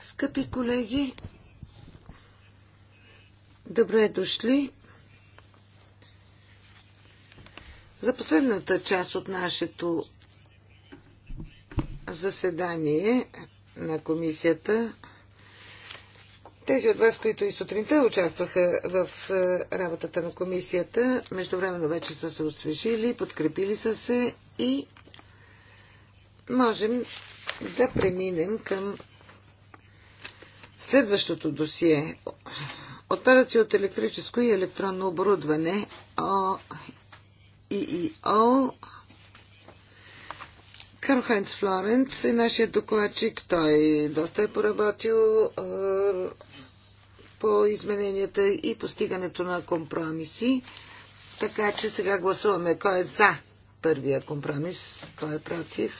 Скъпи колеги, добре дошли за последната част от нашето заседание на комисията. Тези от вас, които и сутринта участваха в е, работата на комисията, междувременно вече са се освежили, подкрепили са се и можем да преминем към Следващото досие. Отпадъци от електрическо и електронно оборудване ИИО. Карл Хайнц Флоренц е нашия докладчик. Той доста е поработил по измененията и постигането на компромиси. Така че сега гласуваме кой е за първия компромис, кой е против,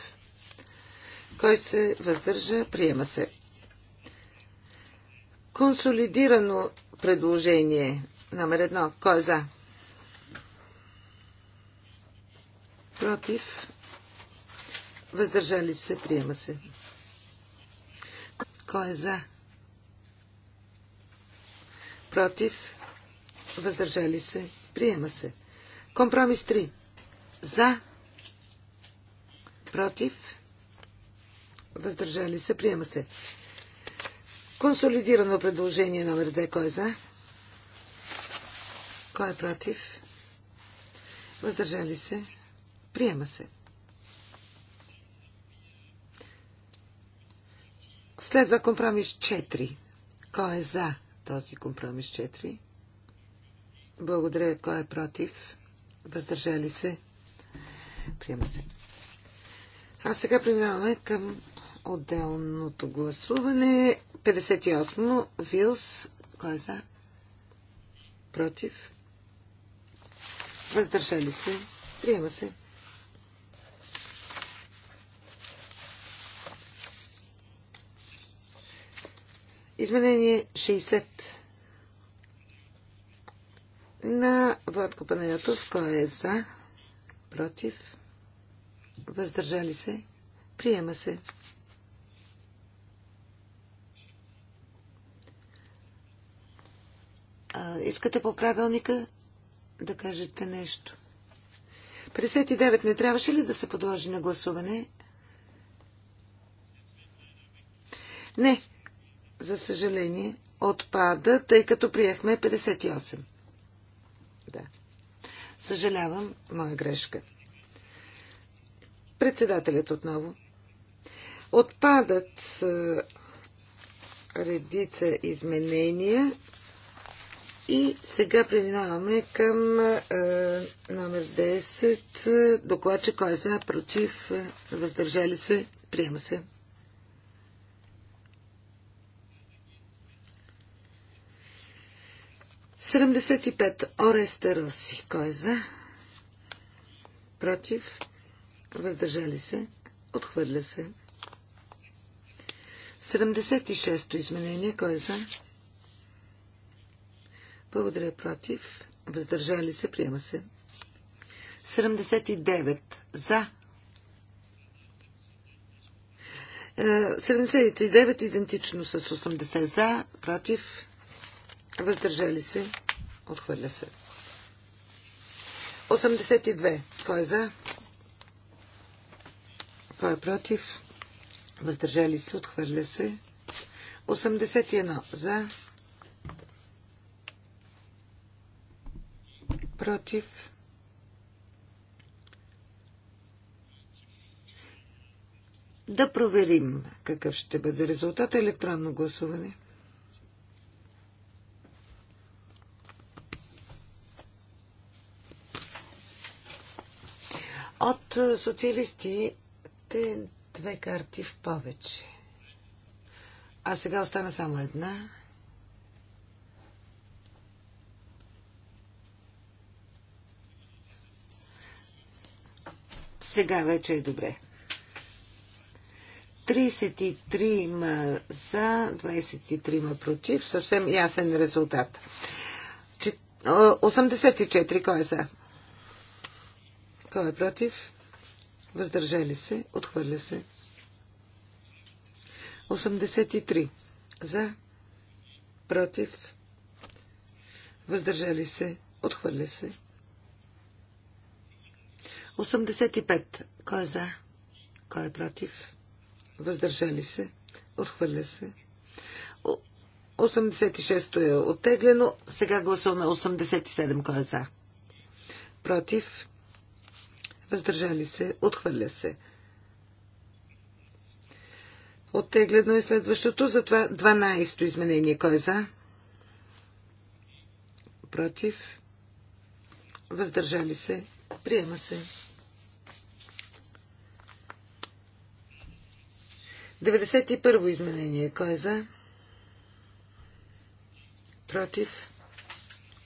кой се въздържа, приема се. Консолидирано предложение номер едно. Кой е за? Против. Въздържали се. Приема се. Кой е за? Против. Въздържали се. Приема се. Компромис 3. За. Против. Въздържали се. Приема се. Консолидирано предложение номер 2. Кой е за? Кой е против? Въздържали се? Приема се. Следва компромис 4. Кой е за този компромис 4? Благодаря. Кой е против? Въздържали се? Приема се. А сега преминаваме към отделното гласуване 58. Вилс. Кой е за? Против. Въздържали се. Приема се. Изменение 60 на Владко Панайотов. Кой е за? Против? Въздържали се? Приема се. А, искате по правилника да кажете нещо? 59 не трябваше ли да се подложи на гласуване? Не, за съжаление, отпада, тъй като приехме 58. Да. Съжалявам, моя грешка. Председателят отново. Отпадат редица изменения и сега преминаваме към е, номер 10. Докладче, кой е за, против, е, въздържали се, приема се. Седемдесет и пет. Оресте Роси. Кой е за? Против. Въздържали се. Отхвърля се. 76 шесто изменение. Кой е за? Благодаря против. Въздържали се. Приема се. 79 за. 79 е, идентично с 80 за, против, въздържали се, отхвърля се. 82. Кой е за? Кой е против? Въздържали се, отхвърля се. 81. За. против. Да проверим какъв ще бъде резултат електронно гласуване. От социалистите две карти в повече. А сега остана само една. Сега вече е добре. 33 за, 23 ма против. Съвсем ясен резултат. 84. Кой е за? Кой е против? Въздържали се. Отхвърля се. 83. За. Против. Въздържали се. Отхвърля се. 85. Кой е за? Кой е против? Въздържали се? Отхвърля се. 86-то е оттеглено. Сега гласуваме 87. Кой е за? Против? Въздържали се? Отхвърля се. Оттеглено е следващото, затова 12-то изменение. Кой е за? Против? Въздържали се? Приема се. 91 изменение. Кой е за? Против.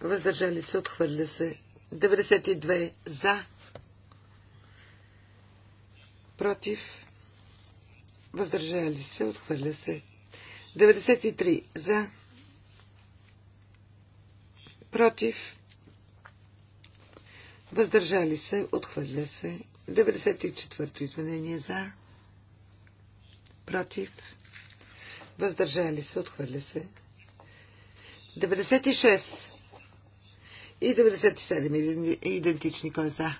Въздържали се. Отхвърля се. 92 за. Против. Въздържали се. Отхвърля се. 93 за. Против. Въздържали се. Отхвърля се. 94 то изменение за против, въздържали се, отхвърля се. 96 и 97 идентични. Кой е за?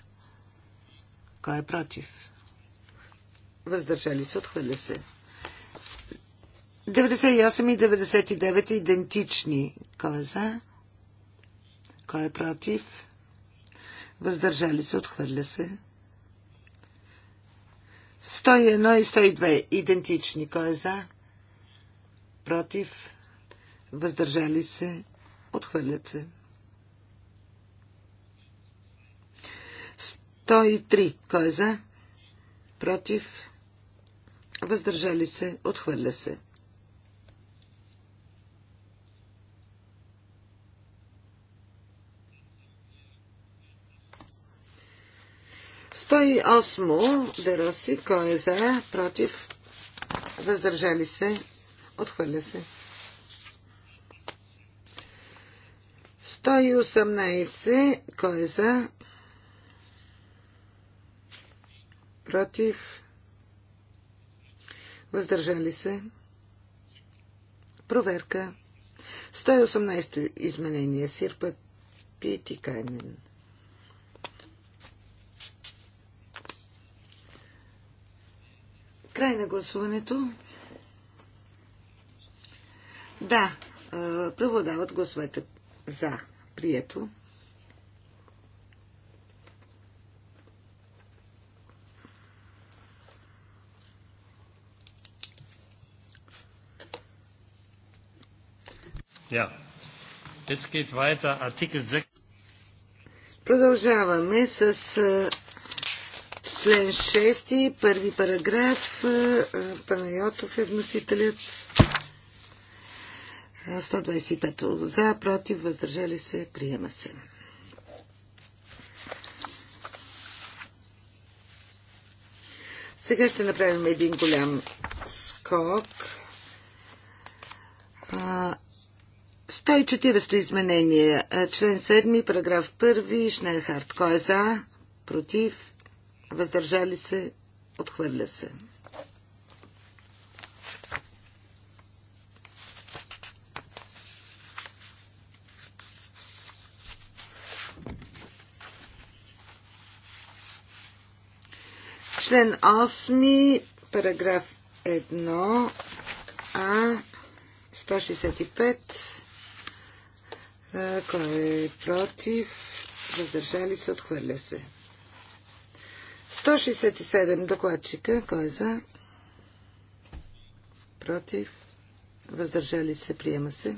Кой е против? Въздържали се, отхвърля се. 98 и 99 идентични. Кой е за? Кой е против? Въздържали се, отхвърля се. 101 и 102 идентични. Кой е за? Против? Въздържали се? Отхвърлят се. 103. Кой е за? Против? Въздържали се? Отхвърля се. 108 Дероси, кой е за, против, въздържали се, отхвърля се. 118, кой е за, против, въздържали се. Проверка. 118 изменение Сирпа 118. Край на гласуването. Да, Преводават гласовете за. Прието. Ja. Es geht weiter, Artikel 6. Продължаваме с Член 6, първи параграф. Панайотов е вносителят. 125 за, против, въздържали се, приема се. Сега ще направим един голям скок. 140 изменение, член 7, параграф 1, Шнелхарт. Кой е за? Против? въздържали се, отхвърля се. Член 8, параграф 1, А, 165. Кой е против? Въздържали се, отхвърля се. 167 докладчика. Кой е за? Против. Въздържали се. Приема се.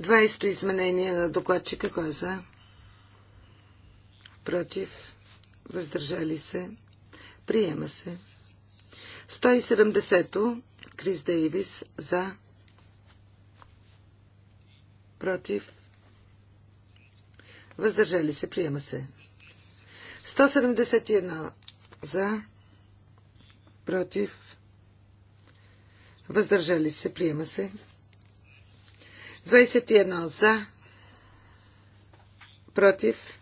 20 изменение на докладчика. Кой е за? Против. Въздържали се. Приема се. 170-то. Крис Дейвис за. Против. Въздържали се. Приема се. 171 за, против, въздържали се, приема се. 21 за, против,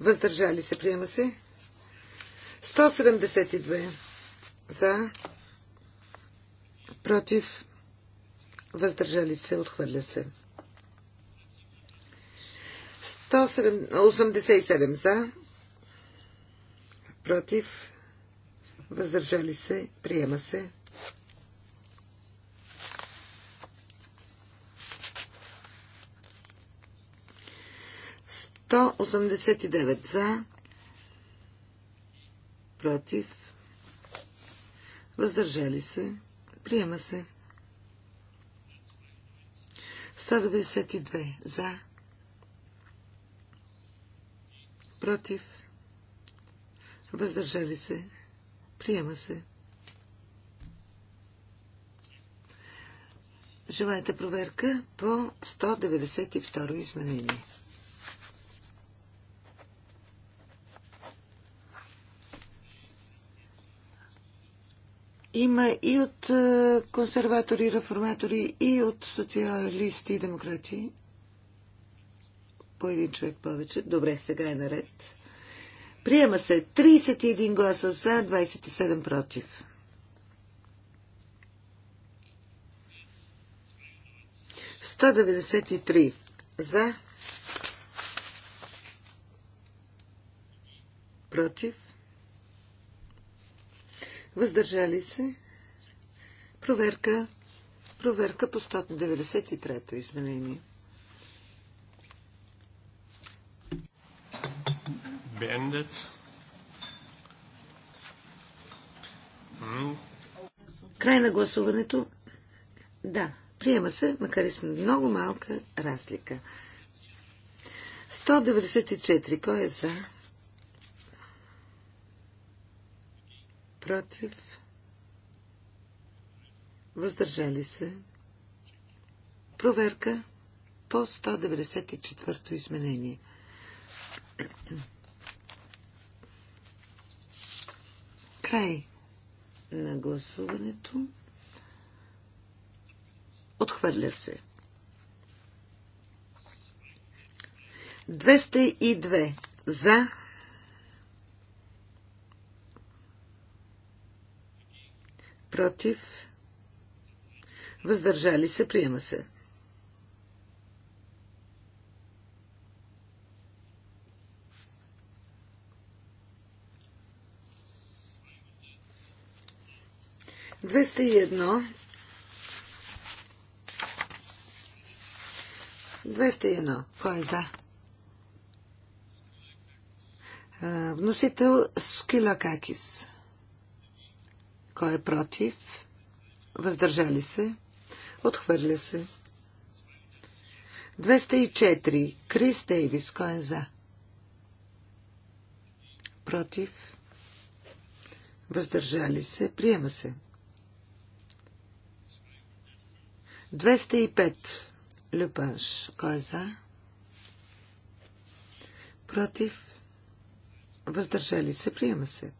въздържали се, приема се. 172 за, против, въздържали се, отхвърля се. 187 за, против, въздържали се, приема се. Сто осемдесет и девет за, против, въздържали се, приема се. 192 за, против, въздържали се, приема се. Желаете проверка по 192 изменение. Има и от е, консерватори, реформатори, и от социалисти и демократи по един човек повече. Добре, сега е наред. Приема се 31 гласа за, 27 против. 193 за, против, въздържали се, проверка, проверка по 193 изменение. beendet. Hm. Край на гласуването. Да, приема се, макар и с много малка разлика. 194. Кой е за? Против? Въздържали се? Проверка по 194 изменение. Край на гласуването. Отхвърля се. 202 за. Против. Въздържали се. Приема се. 201. 201. Кой е за? Вносител Скилакакис. Кой е против? Въздържали се? Отхвърля се. 204. Крис Дейвис. Кой е за? Против? Въздържали се? Приема се. 205. Люпаш. Кой е за? Против. Въздържали се. Приема се.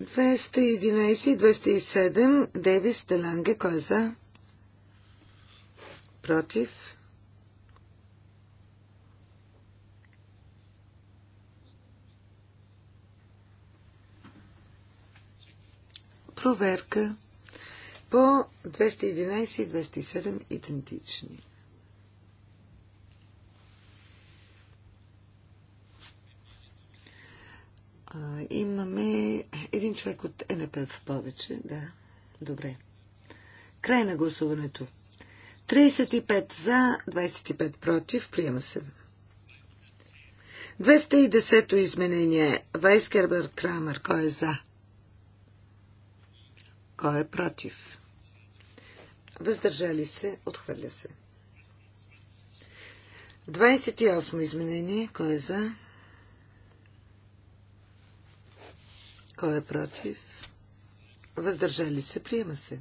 Двеста единайси, двеста и седем. Девис Деланге. Кой е за? Против. Проверка по 211 и 207 идентични. А, имаме един човек от НП в повече. Да, добре. Край на гласуването. 35 за, 25 против. Приема се. 210-то изменение. Вайскербър Крамер. Кой е за? Кой е против? Въздържали се, отхвърля се. 28 изменение. Кой е за? Кой е против? Въздържали се, приема се.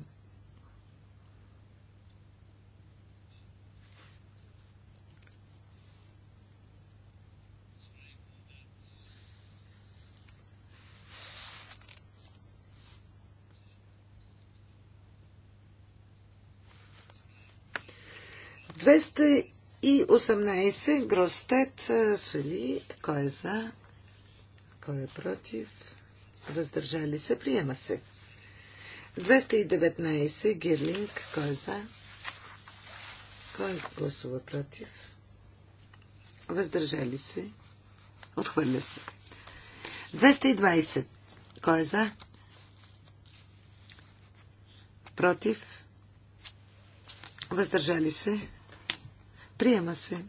218 Гростет Соли. Кой е за? Кой е против? Въздържали се. Приема се. 219 Гирлинг. Кой е за? Кой гласува против? Въздържали се. Отхвърля се. 220. Кой е за? Против? Въздържали се? Приема се.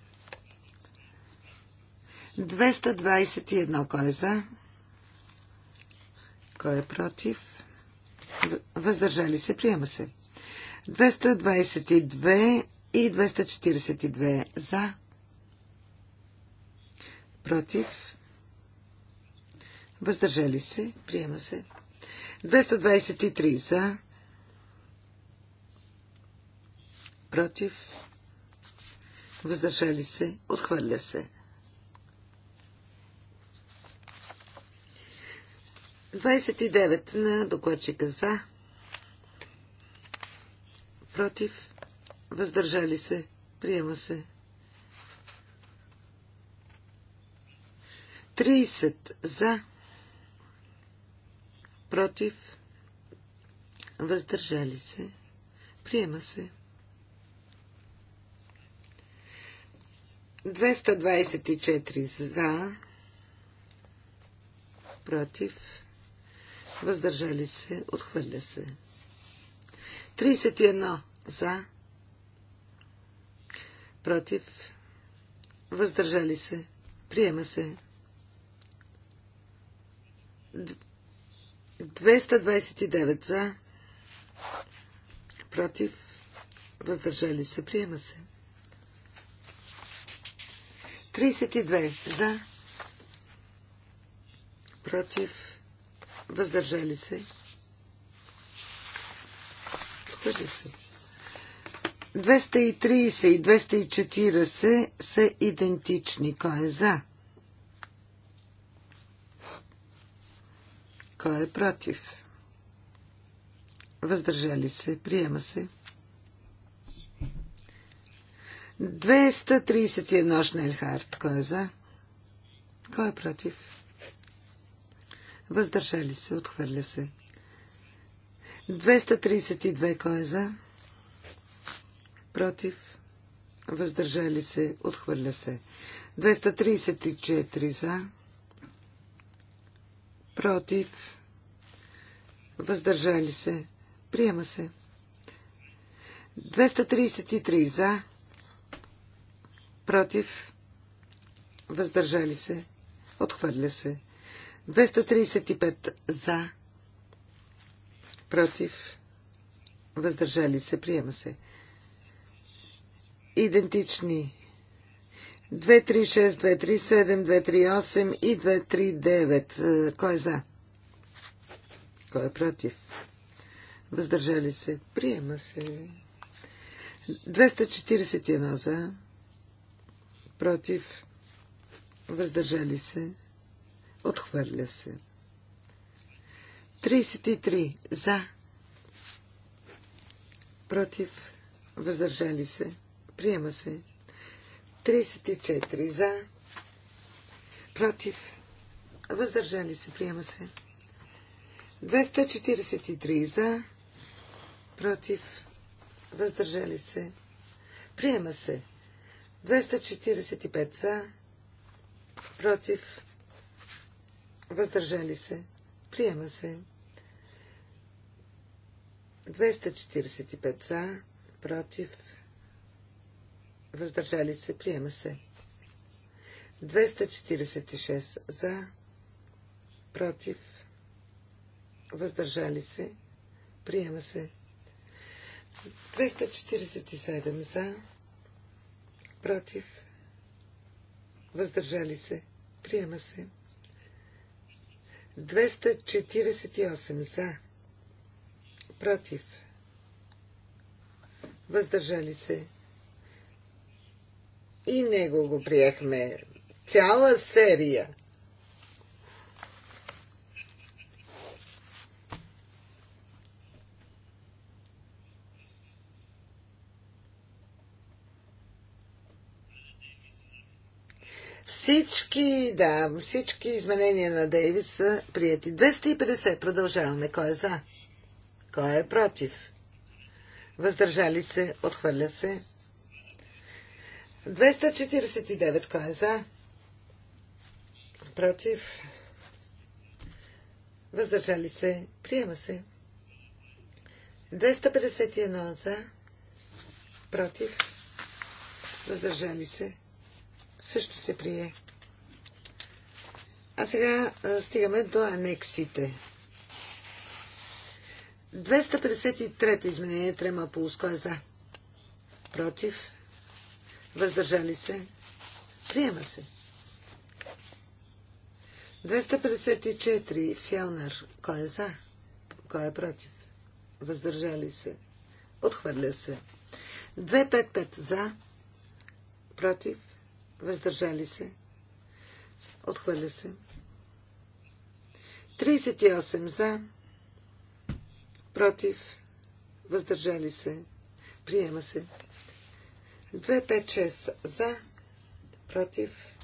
221. Кой е за? Кой е против? Въздържали се. Приема се. 222 и 242 за. Против. Въздържали се. Приема се. 223 за. Против въздържали се, отхвърля се. 29 на докладчика за, против, въздържали се, приема се. 30 за, против, въздържали се, приема се. 224 за, против, въздържали се, отхвърля се. 31 за, против, въздържали се, приема се. 229 за, против, въздържали се, приема се. 32 за, против, въздържали се. Хвърля се. 230 и 240 са идентични. Кой е за? Кой е против? Въздържали се. Приема се. 231 Шнелхарт. Кой е за? Кой е против? Въздържали се. Отхвърля се. 232. Кой е за? Против. Въздържали се. Отхвърля се. 234 за. Против. Въздържали се. Приема се. 233 за против, въздържали се, отхвърля се. 235 за, против, въздържали се, приема се. Идентични 236, 237, 238 и 239. Е, кой е за? Кой е против? Въздържали се. Приема се. 241 за против, въздържали се, отхвърля се. 33 за, против, въздържали се, приема се. 34 за, против, въздържали се, приема се. 243 за, против, въздържали се, приема се. 245 за, против, въздържали се, приема се. 245 за, против, въздържали се, приема се. 246 за, против, въздържали се, приема се. 247 за, против, въздържали се, приема се. 248 за, против, въздържали се. И него го приехме. Цяла серия. Всички, да, всички изменения на Дейвис са прияти. 250. Продължаваме. Кой е за? Кой е против? Въздържали се. Отхвърля се. 249. Кой е за? Против? Въздържали се. Приема се. 251 за. Против? Въздържали се също се прие. А сега стигаме до анексите. 253-то изменение Трема Пулско е за. Против. Въздържали се. Приема се. 254 Фелнер. Кой е за? Кой е против? Въздържали се. Отхвърля се. 255 за. Против въздържали се, отхвърля се. 38 за, против, въздържали се, приема се. 256 за, против,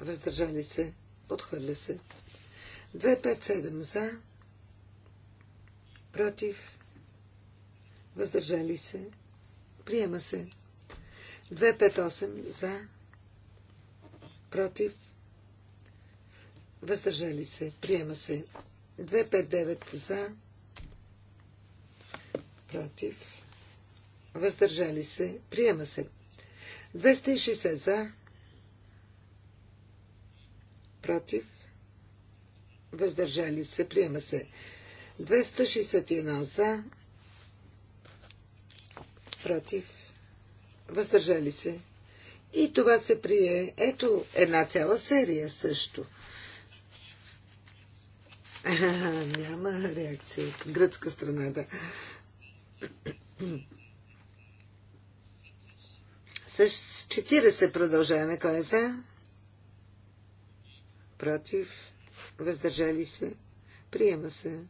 въздържали се, отхвърля се. 257 за, против, въздържали се, приема се. 258 за, против, въздържали се, приема се 259 за, против, въздържали се, приема се 260 за, против, въздържали се, приема се 261 за, против, въздържали се, и това се прие. Ето една цяла серия също. А, няма реакция от гръцка страна, да. С 40 продължаваме. Кой е за? Против? Въздържали се? Приема се.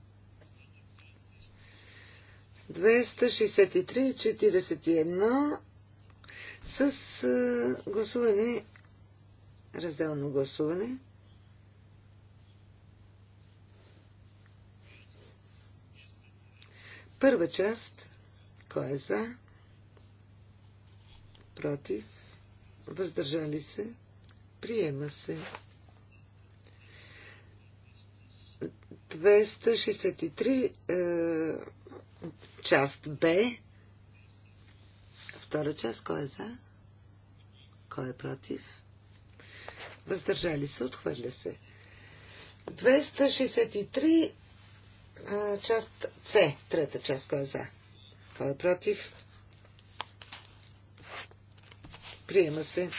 263, 41 с гласуване, разделно гласуване. Първа част. Кой е за? Против? Въздържали се? Приема се. 263 е, част Б Втора част, кой е за? Кой е против? Въздържали се, отхвърля се. 263 част С, трета част, кой е за? Кой е против? Приема се.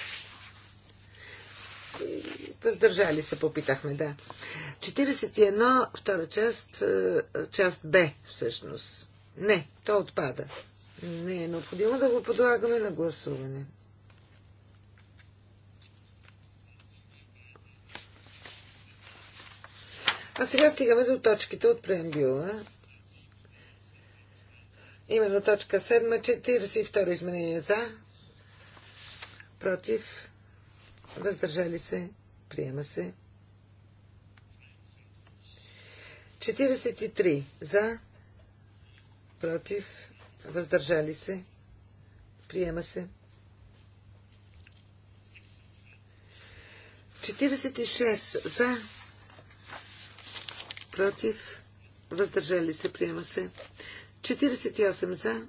Въздържали се, попитахме, да. 41, втора част, част Б, всъщност. Не, то отпада. Не е необходимо да го подлагаме на гласуване. А сега стигаме до точките от преамбюла. Именно точка 7, 42 изменение за, против, въздържали се, приема се. 43 за, против, въздържали се, приема се. 46 за, против, въздържали се, приема се. 48 за,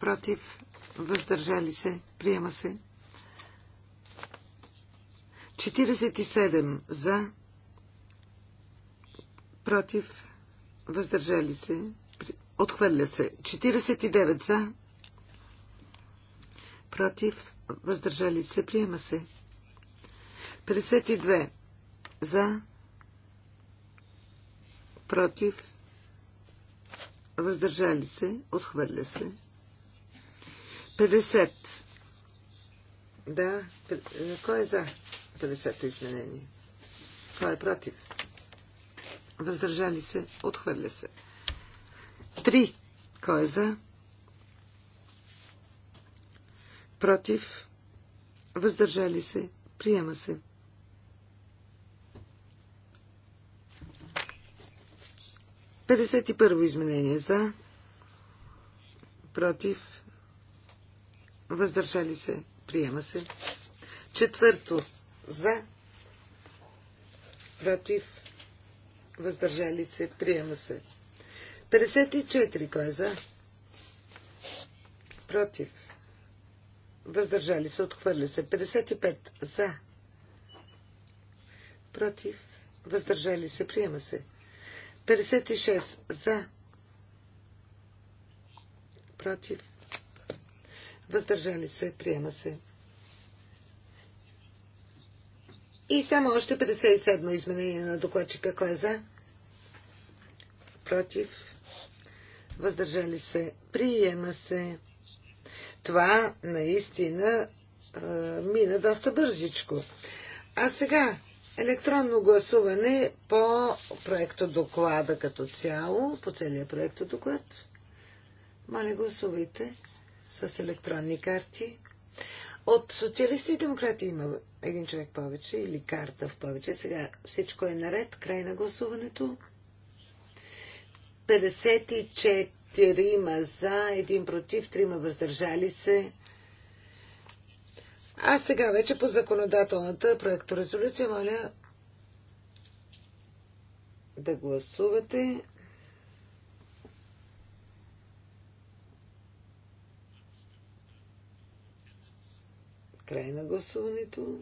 против, въздържали се, приема се. 47 за, против, въздържали се, Отхвърля се. 49 за. Против. Въздържали се. Приема се. 52 за. Против. Въздържали се. Отхвърля се. 50. Да. Е, кой е за 50-то изменение? Кой е против? Въздържали се. Отхвърля се. Три, Кой е за? Против. Въздържали се. Приема се. Петдесет и първо изменение за. Против. Въздържали се. Приема се. Четвърто. За. Против. Въздържали се. Приема се. 54. Кой е за? Против. Въздържали се. Отхвърля се. 55. За. Против. Въздържали се. Приема се. 56. За. Против. Въздържали се. Приема се. И само още 57 изменение на докладчика. Кой е за? Против въздържали се, приема се. Това наистина а, мина доста бързичко. А сега електронно гласуване по проекто доклада като цяло, по целия проекто доклад. Моля, гласувайте с електронни карти. От социалисти и демократи има един човек повече или карта в повече. Сега всичко е наред. Край на гласуването. 54 за, един против, 3 въздържали се. А сега вече по законодателната проекторезолюция, моля да гласувате. Край на гласуването.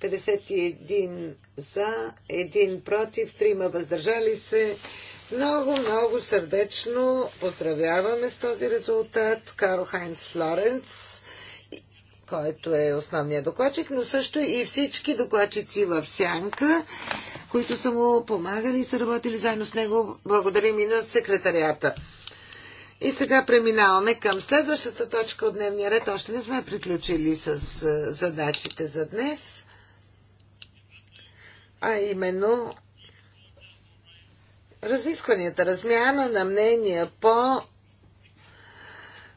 51 за, 1 против, 3 въздържали се. Много, много сърдечно поздравяваме с този резултат Карл Хайнц Флоренц, който е основният докладчик, но също и всички докладчици в Сянка, които са му помагали и са работили заедно с него. Благодарим и на секретарията. И сега преминаваме към следващата точка от дневния ред. Още не сме приключили с задачите за днес, а именно разискванията, размяна на мнения по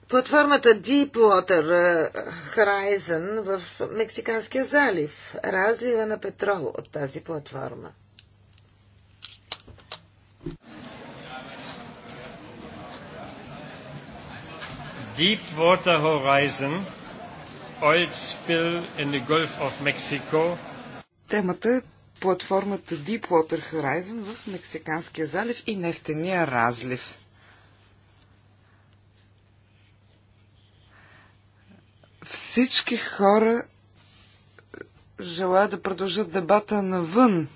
платформата Deepwater е, Horizon в Мексиканския залив, разлива на петрол от тази платформа. Deepwater Horizon Oil Spill in the Gulf of Mexico Темата е платформата Deepwater Horizon в Мексиканския залив и нефтения разлив. Всички хора желаят да продължат дебата навън.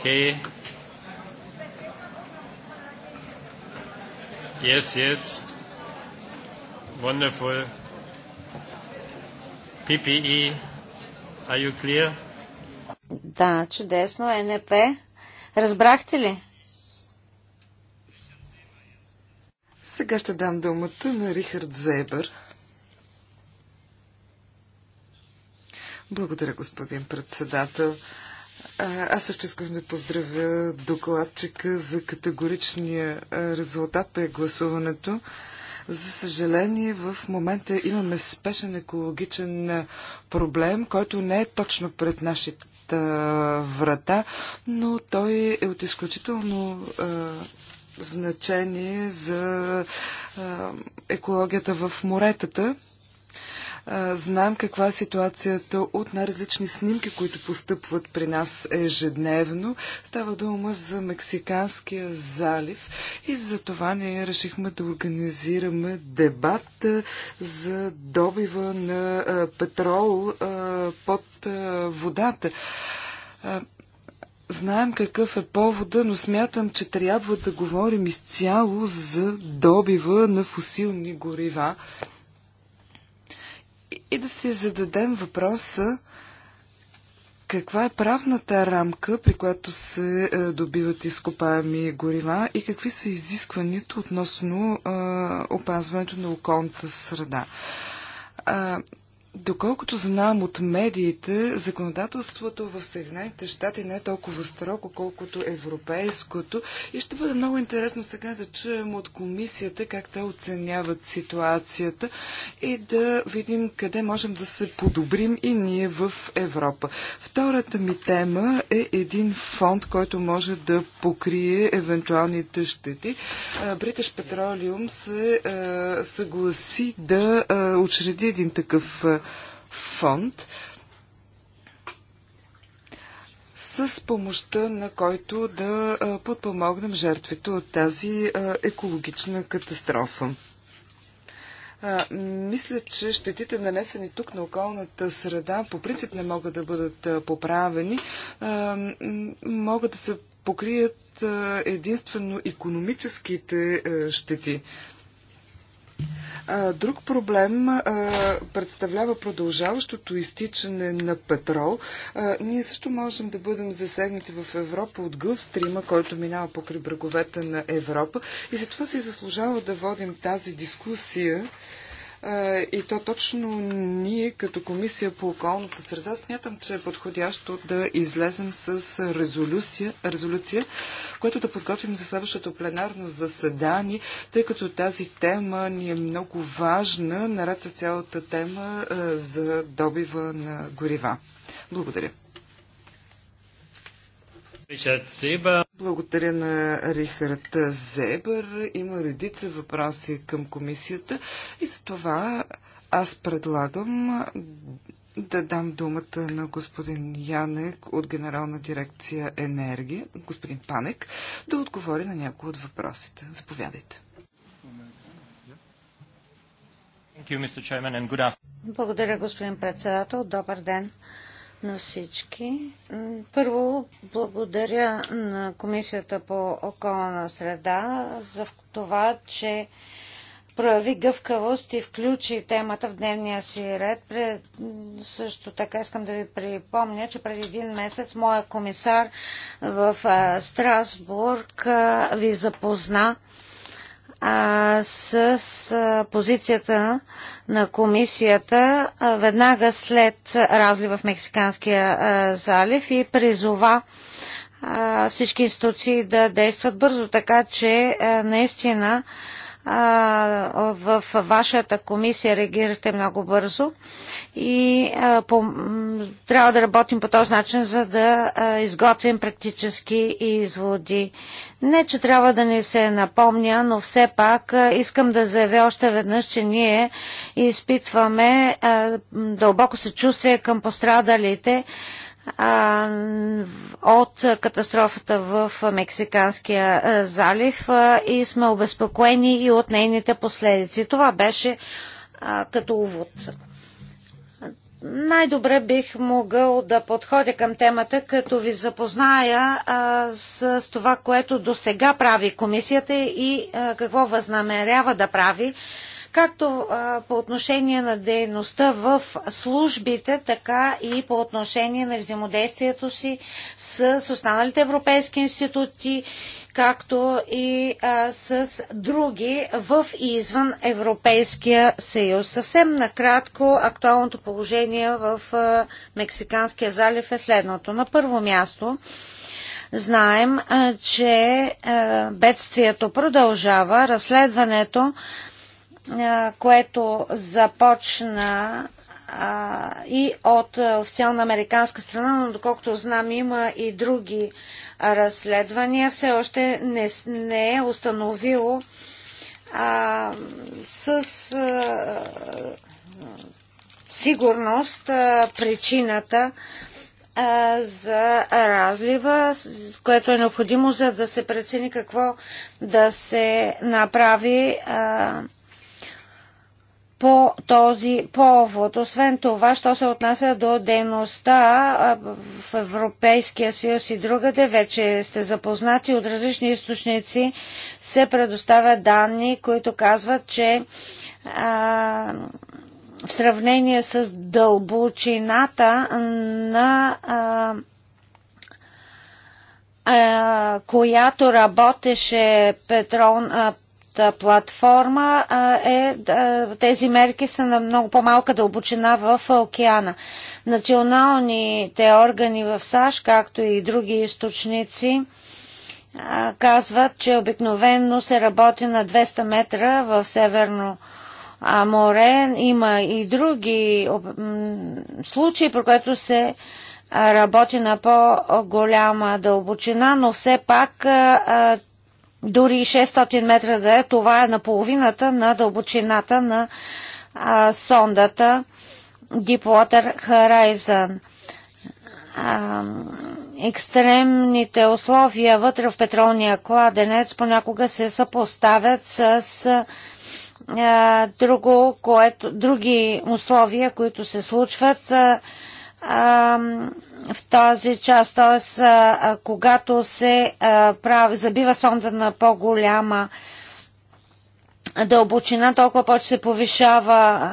Okay. Yes, yes. Wonderful. PPE, are you clear? Да, чудесно. НП. Разбрахте ли? Сега ще дам думата на Рихард Зебър. Благодаря, господин председател. Аз също искам да поздравя докладчика за категоричния резултат при гласуването. За съжаление, в момента имаме спешен екологичен проблем, който не е точно пред нашите врата, но той е от изключително а, значение за а, екологията в моретата. Знаем каква е ситуацията от най-различни снимки, които постъпват при нас ежедневно. Става дума за Мексиканския залив и за това ние решихме да организираме дебат за добива на петрол под водата. Знаем какъв е повода, но смятам, че трябва да говорим изцяло за добива на фусилни горива и да си зададем въпроса каква е правната рамка, при която се е, добиват изкопаеми горива и какви са изискванията относно е, опазването на околната среда. Доколкото знам от медиите, законодателството в Съединените щати не е толкова строго, колкото европейското. И ще бъде много интересно сега да чуем от комисията как те оценяват ситуацията и да видим къде можем да се подобрим и ние в Европа. Втората ми тема е един фонд, който може да покрие евентуалните щети. Бритиш Петролиум се съгласи да учреди един такъв фонд, с помощта на който да подпомогнем жертвите от тази екологична катастрофа. А, мисля, че щетите нанесени тук на околната среда по принцип не могат да бъдат поправени. А, могат да се покрият единствено економическите щети. Друг проблем представлява продължаващото изтичане на петрол. Ние също можем да бъдем засегнати в Европа от гълвстрима, който минава покрай бреговете на Европа и затова си заслужава да водим тази дискусия и то точно ние, като Комисия по околната среда, смятам, че е подходящо да излезем с резолюция, резолюция която да подготвим за следващото пленарно заседание, тъй като тази тема ни е много важна, наред с цялата тема за добива на горива. Благодаря. Благодаря на Рихард Зебър. Има редица въпроси към комисията и за това аз предлагам да дам думата на господин Янек от Генерална дирекция Енергия, господин Панек, да отговори на някои от въпросите. Заповядайте. Благодаря, господин председател. Добър ден на всички. Първо, благодаря на Комисията по околна среда за това, че прояви гъвкавост и включи темата в дневния си ред. Пред... Също така искам да ви припомня, че преди един месец моя комисар в Страсбург ви запозна а, с а, позицията на комисията а, веднага след разлива в Мексиканския а, залив и призова а, всички институции да действат бързо, така че а, наистина а, в вашата комисия реагирахте много бързо и по, трябва да работим по този начин, за да изготвим практически изводи. Не, че трябва да ни се напомня, но все пак искам да заявя още веднъж, че ние изпитваме дълбоко съчувствие към пострадалите, от катастрофата в Мексиканския залив и сме обезпокоени и от нейните последици. Това беше като увод. Най-добре бих могъл да подходя към темата, като ви запозная а, с, това, което до сега прави комисията и а, какво възнамерява да прави както а, по отношение на дейността в службите, така и по отношение на взаимодействието си с, с останалите европейски институти, както и а, с други в и извън Европейския съюз. Съвсем накратко, актуалното положение в а, Мексиканския залив е следното. На първо място, знаем, а, че а, бедствието продължава, разследването което започна а, и от официална американска страна, но доколкото знам има и други разследвания, все още не, не е установило а, с а, сигурност а, причината а, за разлива, което е необходимо за да се прецени какво да се направи а, по този повод. Освен това, що се отнася до дейността в Европейския съюз и другаде, вече сте запознати от различни източници, се предоставят данни, които казват, че а, в сравнение с дълбочината на а, а, която работеше петрон. а, платформа е тези мерки са на много по-малка дълбочина в океана. Националните органи в САЩ, както и други източници, казват, че обикновенно се работи на 200 метра в Северно море. Има и други случаи, по които се работи на по-голяма дълбочина, но все пак дори 600 метра да е, това е на половината на дълбочината на а, сондата Deepwater Horizon. А, екстремните условия вътре в петролния кладенец понякога се съпоставят с а, друго, което, други условия, които се случват. А, в тази част, т.е. когато се прави, забива сонда на по-голяма дълбочина, толкова повече се повишава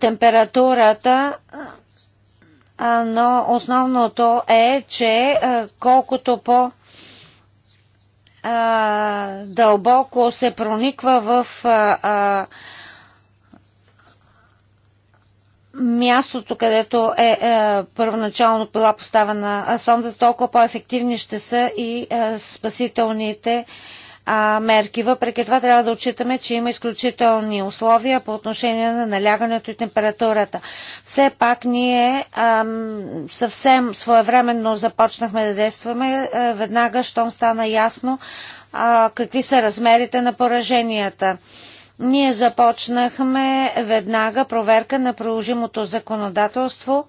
температурата, но основното е, че колкото по- дълбоко се прониква в мястото, където е, е първоначално била поставена сонда, толкова по-ефективни ще са и е, спасителните е, мерки. Въпреки това трябва да отчитаме, че има изключителни условия по отношение на налягането и температурата. Все пак ние е, съвсем своевременно започнахме да действаме, е, веднага, щом стана ясно е, какви са размерите на пораженията. Ние започнахме веднага проверка на приложимото законодателство.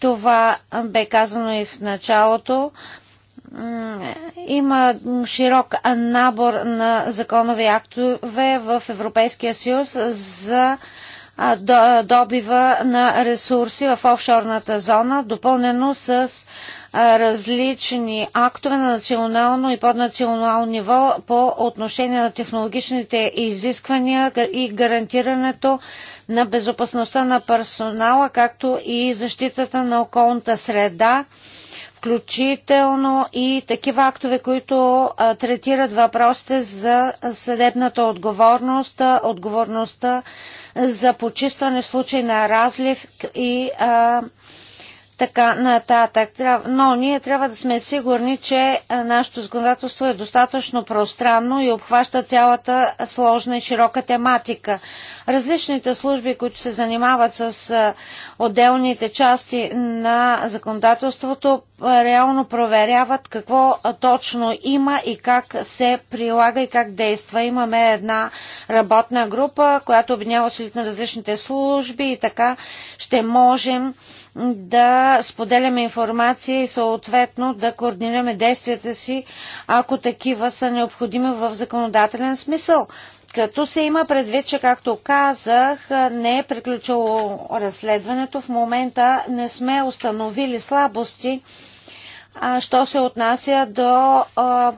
Това бе казано и в началото. Има широк набор на законови актове в Европейския съюз за добива на ресурси в офшорната зона, допълнено с различни актове на национално и поднационално ниво по отношение на технологичните изисквания и гарантирането на безопасността на персонала, както и защитата на околната среда включително и такива актове, които третират въпросите за съдебната отговорност, отговорността за почистване в случай на разлив и а, така нататък. Но ние трябва да сме сигурни, че нашето законодателство е достатъчно пространно и обхваща цялата сложна и широка тематика. Различните служби, които се занимават с отделните части на законодателството, реално проверяват какво точно има и как се прилага и как действа. Имаме една работна група, която обединява усилите на различните служби и така ще можем да споделяме информация и съответно да координираме действията си, ако такива са необходими в законодателен смисъл. Като се има предвид, че както казах, не е приключило разследването, в момента не сме установили слабости, а, що се отнася до а,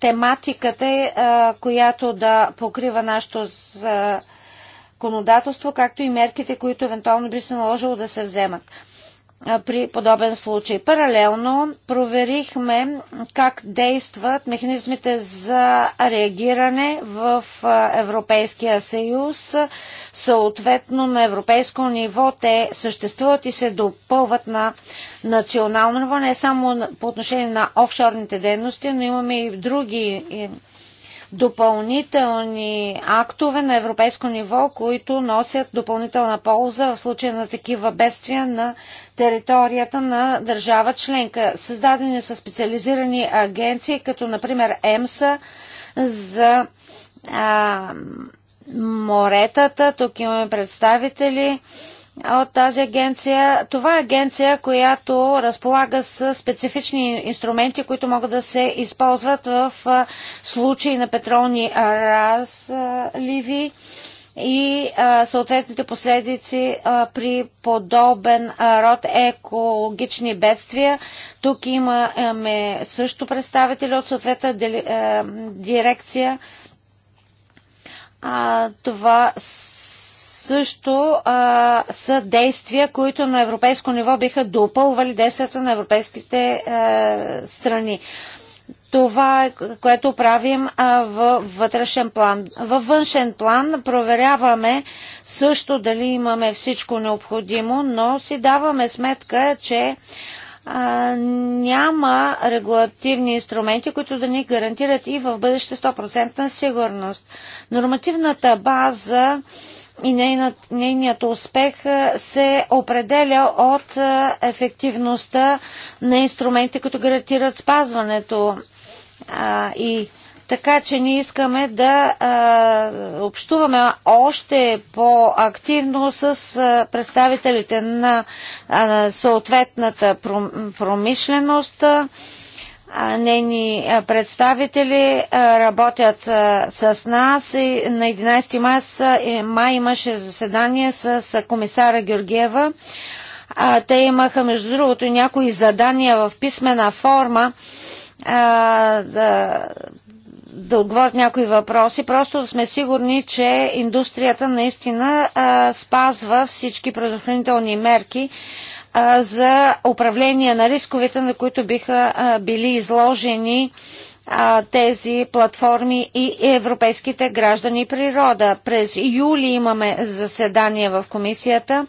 тематиката, а, която да покрива нашото. за законодателство, както и мерките, които евентуално би се наложило да се вземат при подобен случай. Паралелно проверихме как действат механизмите за реагиране в Европейския съюз. Съответно на европейско ниво те съществуват и се допълват на национално ниво, не само по отношение на офшорните дейности, но имаме и други допълнителни актове на европейско ниво, които носят допълнителна полза в случая на такива бедствия на територията на държава членка. Създадени са специализирани агенции, като например ЕМСА за а, моретата. Тук имаме представители от тази агенция. Това е агенция, която разполага с специфични инструменти, които могат да се използват в случаи на петролни разливи и съответните последици при подобен род екологични бедствия. Тук имаме също представители от съответна дирекция. това също а, са действия, които на европейско ниво биха допълвали действията на европейските а, е, страни. Това е което правим а, в вътрешен план. Във външен план проверяваме също дали имаме всичко необходимо, но си даваме сметка, че а, няма регулативни инструменти, които да ни гарантират и в бъдеще 100% сигурност. Нормативната база а, и нейният, успех се определя от ефективността на инструментите, които гарантират спазването. и така, че ние искаме да общуваме още по-активно с представителите на съответната промишленост нейни представители работят с нас. И на 11 май, май имаше заседание с комисара Георгиева. Те имаха, между другото, някои задания в писмена форма да, да отговорят някои въпроси. Просто сме сигурни, че индустрията наистина а, спазва всички предохранителни мерки, за управление на рисковете, на които биха били изложени тези платформи и европейските граждани и природа. През юли имаме заседание в комисията.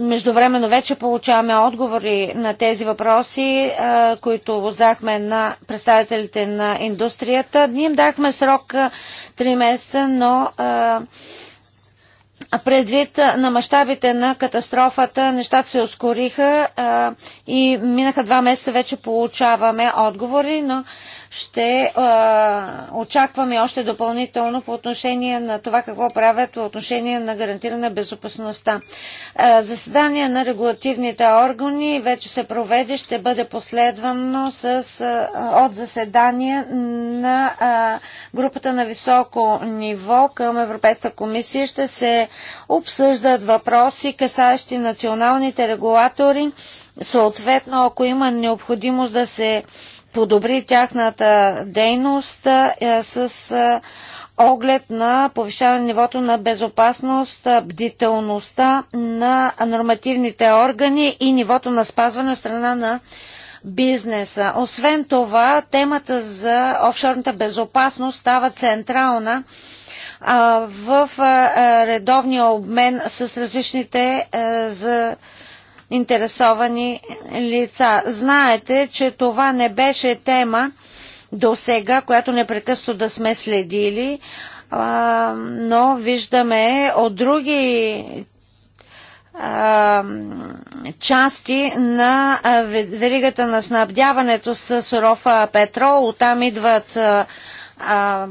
междувременно вече получаваме отговори на тези въпроси, които воздахме на представителите на индустрията. Ние им дахме срок 3 месеца, но Предвид на мащабите на катастрофата, нещата се ускориха и минаха два месеца, вече получаваме отговори, но ще а, очакваме още допълнително по отношение на това какво правят по отношение на гарантиране безопасността. А, заседание на регулативните органи вече се проведе, ще бъде последвано с, а, от заседание на а, групата на високо ниво към Европейската комисия. Ще се обсъждат въпроси, касащи националните регулатори. Съответно, ако има необходимост да се подобри тяхната дейност е, с е, оглед на повишаване нивото на безопасност, е, бдителността на нормативните органи и нивото на спазване от страна на бизнеса. Освен това, темата за офшорната безопасност става централна в редовния обмен с различните за интересовани лица. Знаете, че това не беше тема до сега, която непрекъсто да сме следили, но виждаме от други части на веригата на снабдяването с суров петрол. Оттам идват а,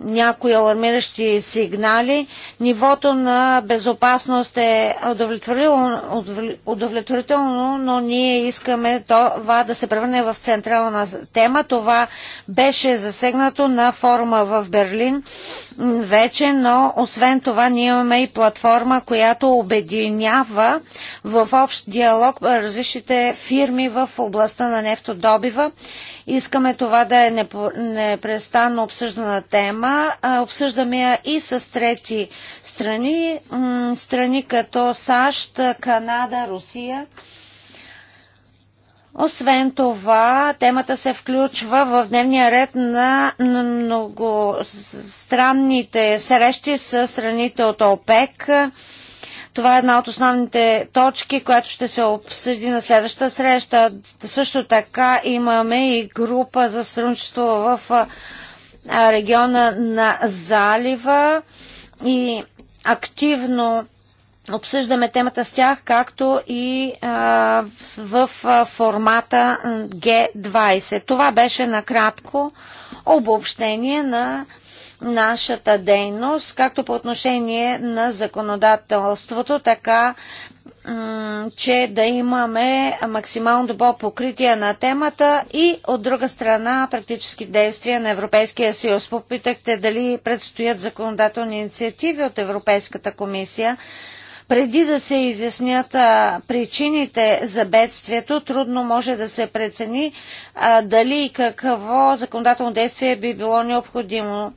някои алармиращи сигнали. Нивото на безопасност е удовлетворително, но ние искаме това да се превърне в централна тема. Това беше засегнато на форума в Берлин вече, но освен това ние имаме и платформа, която обединява в общ диалог различните фирми в областта на нефтодобива. Искаме това да е непрестанно обсъждана тема тема. Обсъждаме я и с трети страни, страни като САЩ, Канада, Русия. Освен това, темата се включва в дневния ред на многостранните срещи с страните от ОПЕК. Това е една от основните точки, която ще се обсъди на следващата среща. Също така имаме и група за сътрудничество в региона на залива и активно обсъждаме темата с тях, както и а, в, в формата G20. Това беше накратко обобщение на нашата дейност, както по отношение на законодателството, така че да имаме максимално добро покритие на темата и от друга страна практически действия на Европейския съюз. Попитахте дали предстоят законодателни инициативи от Европейската комисия. Преди да се изяснят причините за бедствието, трудно може да се прецени дали и какво законодателно действие би било необходимо.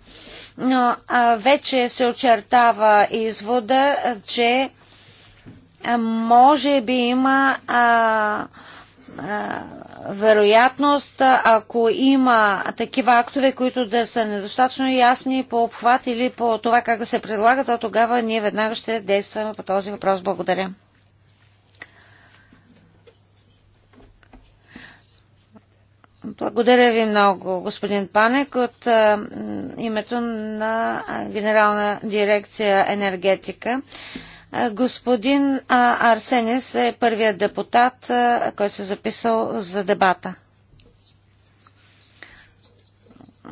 Но вече се очертава извода, че може би има а, а, вероятност, ако има такива актове, които да са недостатъчно ясни по обхват или по това как да се предлага, то тогава ние веднага ще действаме по този въпрос. Благодаря. Благодаря ви много, господин Панек, от а, името на Генерална дирекция енергетика. Господин Арсенис е първият депутат, който се е записал за дебата.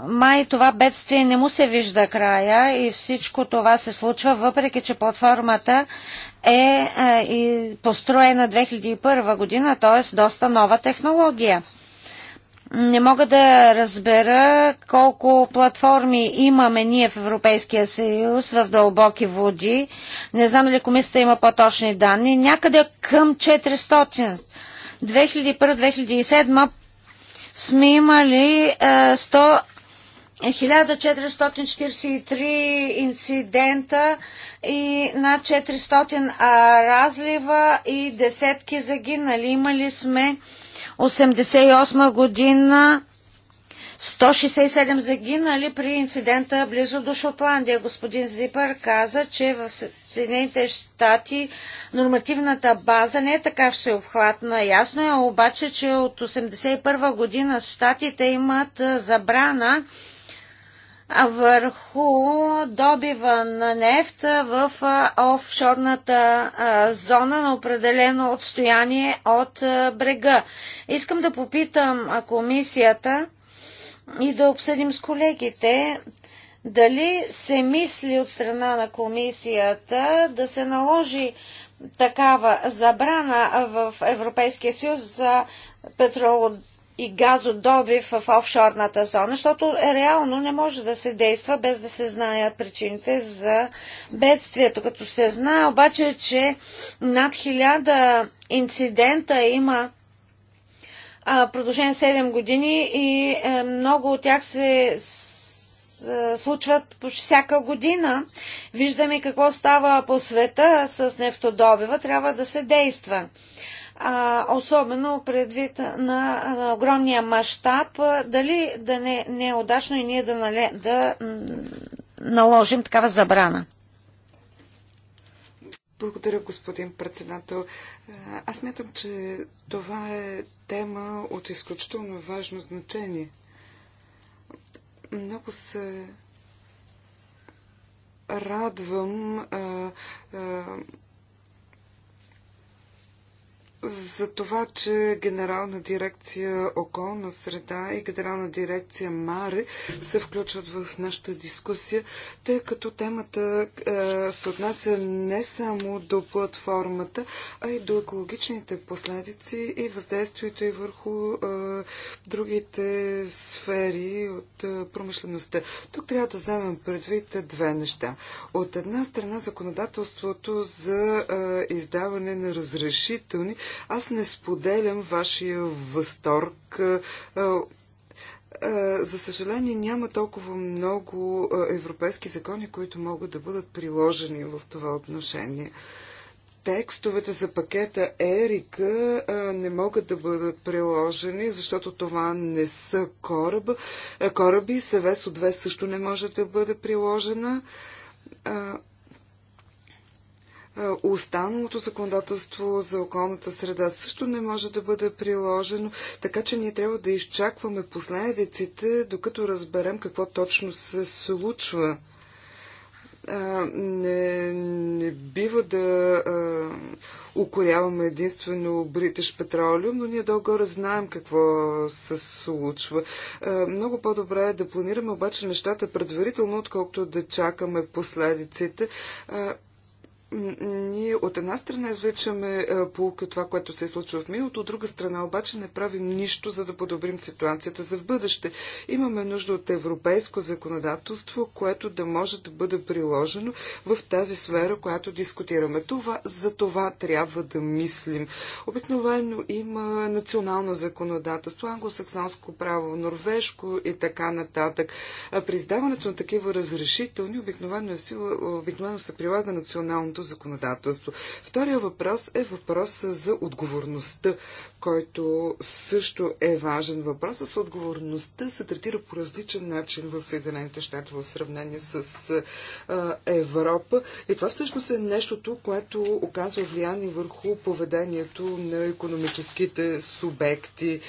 Май това бедствие не му се вижда края и всичко това се случва, въпреки че платформата е, е построена 2001 година, т.е. доста нова технология. Не мога да разбера колко платформи имаме ние в Европейския съюз в дълбоки води. Не знам дали комисията има по-точни данни. Някъде към 400. 2001-2007 сме имали 100 е, 1443 инцидента и над 400 разлива и десетки загинали. Имали сме 1988 година 167 загинали при инцидента близо до Шотландия. Господин Зипър каза, че в Съединените щати нормативната база не е така всеобхватна. Ясно е обаче, че от 1981 година щатите имат забрана върху добива на нефта в офшорната зона на определено отстояние от брега. Искам да попитам комисията и да обсъдим с колегите дали се мисли от страна на комисията да се наложи такава забрана в Европейския съюз за петролодобивната и газодобив в офшорната зона, защото реално не може да се действа без да се знаят причините за бедствието. Като се знае обаче, че над хиляда инцидента има продължение 7 години и е, много от тях се е, случват всяка година. Виждаме какво става по света с нефтодобива. Трябва да се действа особено предвид на, огромния мащаб, дали да не, не е удачно и ние да, нале, да наложим такава забрана. Благодаря, господин председател. Аз мятам, че това е тема от изключително важно значение. Много се радвам а, а, за това, че Генерална дирекция околна среда и Генерална дирекция Маре се включват в нашата дискусия, тъй като темата е, се отнася не само до платформата, а и до екологичните последици и въздействието и върху е, другите сфери от е, промишлеността. Тук трябва да вземем предвид две неща. От една страна законодателството за е, издаване на разрешителни аз не споделям вашия възторг е, е, е, за съжаление няма толкова много европейски закони, които могат да бъдат приложени в това отношение. Текстовете за пакета Ерика не могат да бъдат приложени, защото това не са кораб. кораби. съвест от две също не може да бъде приложена. Е, останалото законодателство за околната среда също не може да бъде приложено, така че ние трябва да изчакваме последиците, докато разберем какво точно се случва. Е, не, не бива да а, е, укоряваме единствено Бритиш Петролиум, но ние долу-горе знаем какво се случва. А, много по-добре е да планираме обаче нещата предварително, отколкото да чакаме последиците. А, ние от една страна извличаме е, полуки от това, което се е случило в миналото, от друга страна обаче не правим нищо, за да подобрим ситуацията за в бъдеще. Имаме нужда от европейско законодателство, което да може да бъде приложено в тази сфера, която дискутираме. Това, за това трябва да мислим. Обикновено има национално законодателство, англосаксонско право, норвежко и така нататък. При издаването на такива разрешителни обикновено, е сила, обикновено се прилага националното законодателство. Втория въпрос е въпрос за отговорността, който също е важен въпрос. С отговорността се третира по различен начин в Съединените щати в сравнение с а, Европа. И това всъщност е нещото, което оказва влияние върху поведението на економическите субекти.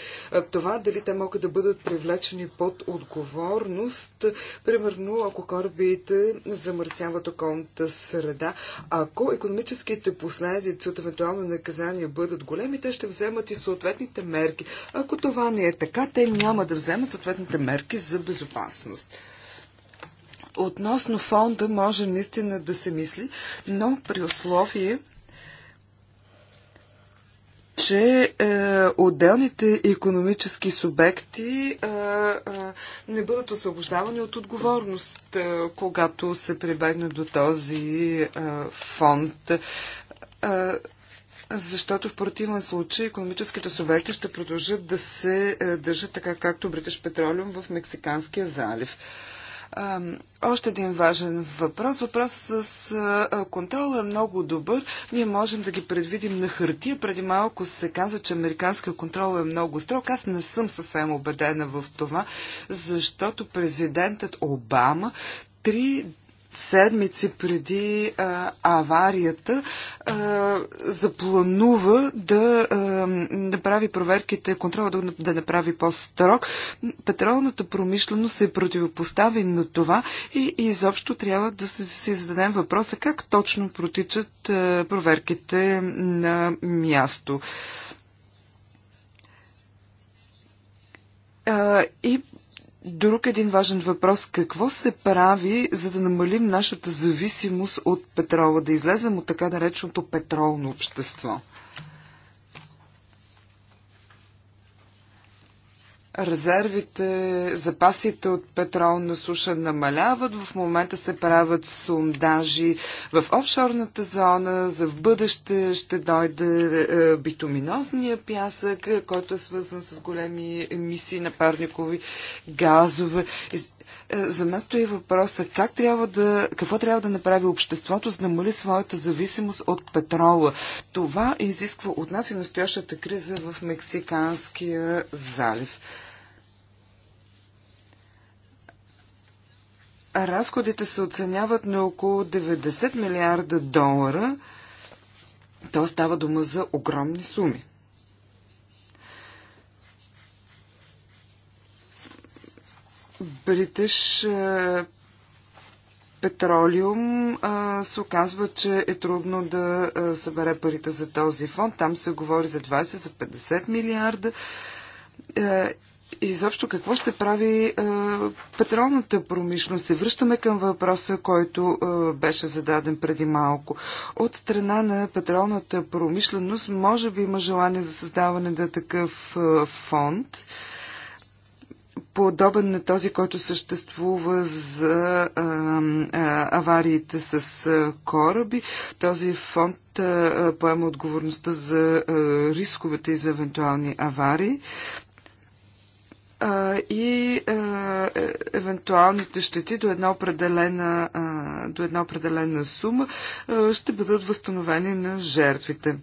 Това дали те могат да бъдат привлечени под отговорност, примерно ако корабите замърсяват околната среда, а ако економическите последици от евентуално наказание бъдат големи, те ще вземат и съответните мерки. Ако това не е така, те няма да вземат съответните мерки за безопасност. Относно фонда може наистина да се мисли, но при условие, че е, отделните економически субекти е, е, не бъдат освобождавани от отговорност, е, когато се прибегне до този е, фонд. Е, защото в противен случай економическите субекти ще продължат да се е, държат така, както Бритиш Петролиум в Мексиканския залив. Е, още един важен въпрос. Въпрос с контрола е много добър. Ние можем да ги предвидим на хартия. Преди малко се каза, че американския контрол е много строг. Аз не съм съвсем убедена в това, защото президентът Обама три седмици преди а, аварията а, запланува да а, направи проверките, контрола да, да направи по-строг. Петролната промишленост се противопостави на това и, и изобщо трябва да си, си зададем въпроса как точно протичат а, проверките на място. и Друг един важен въпрос. Какво се прави, за да намалим нашата зависимост от петрола, да излезем от така нареченото петролно общество? резервите, запасите от петрол на суша намаляват. В момента се правят сундажи в офшорната зона. За в бъдеще ще дойде е, е, битуминозния пясък, е, който е свързан с големи емисии на парникови газове за мен стои въпроса как трябва да, какво трябва да направи обществото, за да намали своята зависимост от петрола. Това изисква от нас и настоящата криза в Мексиканския залив. Разходите се оценяват на около 90 милиарда долара. То става дума за огромни суми. British е, Петролиум е, се оказва, че е трудно да е, събере парите за този фонд. Там се говори за 20, за 50 милиарда. И изобщо какво ще прави петролната промишленост? Се връщаме към въпроса, който беше зададен преди малко. От страна на петролната промишленост може би има желание за създаване на такъв фонд подобен на този, който съществува за а, а, авариите с кораби. Този фонд а, поема отговорността за а, рисковете и за евентуални аварии и е, евентуалните щети до една определена, е, до една определена сума е, ще бъдат възстановени на жертвите.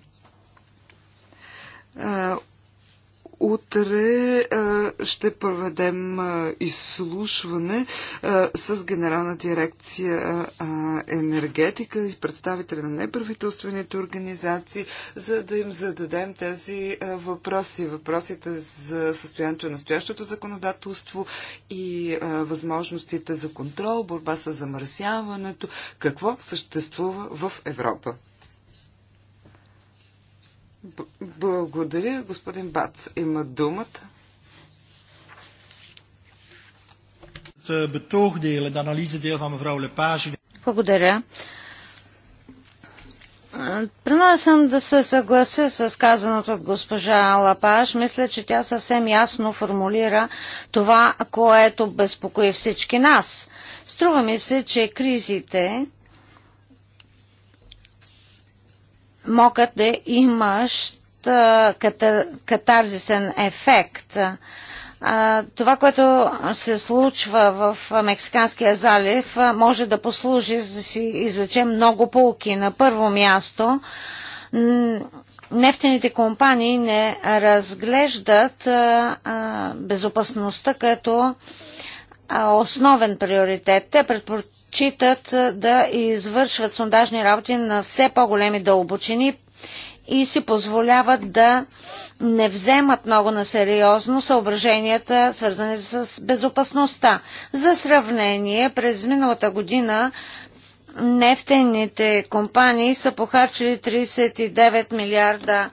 Утре ще проведем изслушване с Генерална дирекция енергетика и представители на неправителствените организации, за да им зададем тези въпроси. Въпросите за състоянието на настоящото законодателство и възможностите за контрол, борба с замърсяването, какво съществува в Европа. Благодаря. Господин Бац има думата. Eh, благодаря. Принуда съм да се съглася с казаното от госпожа Лапаш. Мисля, че тя съвсем ясно формулира това, което безпокои всички нас. Струва ми се, че кризите, могат да е имаш катарзисен ефект. Това, което се случва в Мексиканския залив, може да послужи да си извлече много полки. На първо място, нефтените компании не разглеждат безопасността като основен приоритет. Те предпочитат да извършват сондажни работи на все по-големи дълбочини и си позволяват да не вземат много на сериозно съображенията, свързани с безопасността. За сравнение, през миналата година нефтените компании са похарчили 39 милиарда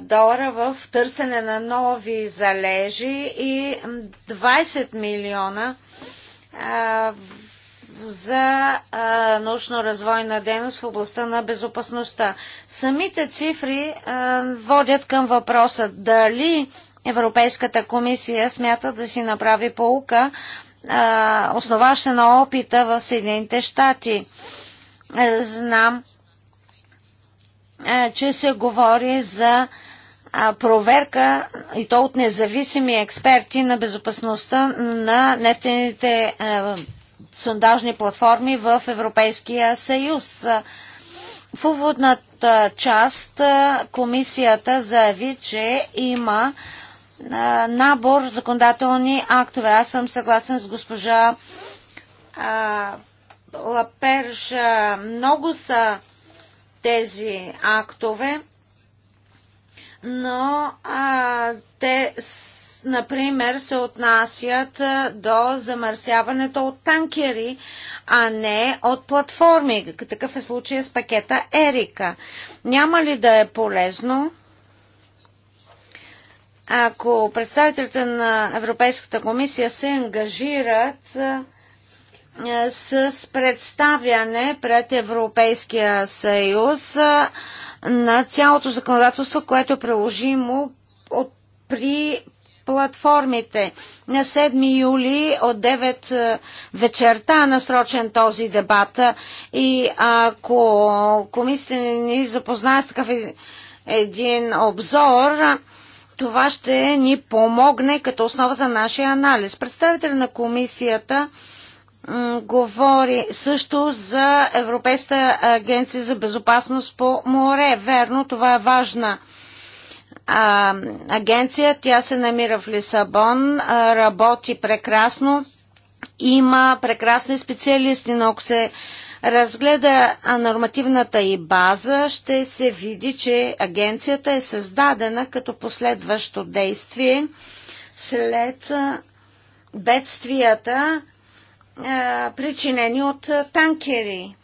долара в търсене на нови залежи и 20 милиона за научно-развойна дейност в областта на безопасността. Самите цифри водят към въпроса дали Европейската комисия смята да си направи полука, основаща на опита в Съединените щати. Е, знам, е, че се говори за проверка и то от независими експерти на безопасността на нефтените е, сондажни платформи в Европейския съюз. В уводната част е, комисията заяви, че има набор законодателни актове. Аз съм съгласен с госпожа Лаперша. Много са тези актове, но а, те, например, се отнасят до замърсяването от танкери, а не от платформи. Такъв е случая с пакета Ерика. Няма ли да е полезно? ако представителите на Европейската комисия се ангажират е, с представяне пред Европейския съюз е, на цялото законодателство, което е приложимо от, при платформите. На 7 юли от 9 е, вечерта насрочен този дебат и ако комисията ни запознае с такъв един обзор, това ще ни помогне като основа за нашия анализ. Представители на комисията говори също за Европейската агенция за безопасност по море. Верно, това е важна а, агенция. Тя се намира в Лисабон, а, работи прекрасно, има прекрасни специалисти, но ако се разгледа нормативната и база, ще се види, че агенцията е създадена като последващо действие след бедствията, е, причинени от е, танкери.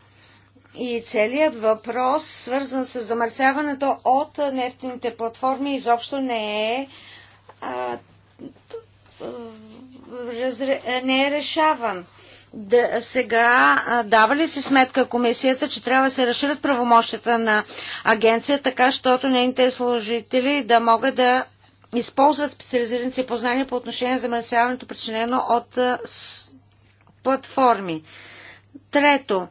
И целият въпрос, свързан с замърсяването от нефтените платформи, изобщо не е, а, е, разре, не е решаван. Да, сега дава ли си сметка комисията, че трябва да се разширят правомощията на агенция, така, защото нейните служители да могат да използват специализираните познания по отношение на замърсяването, причинено от платформи. Трето,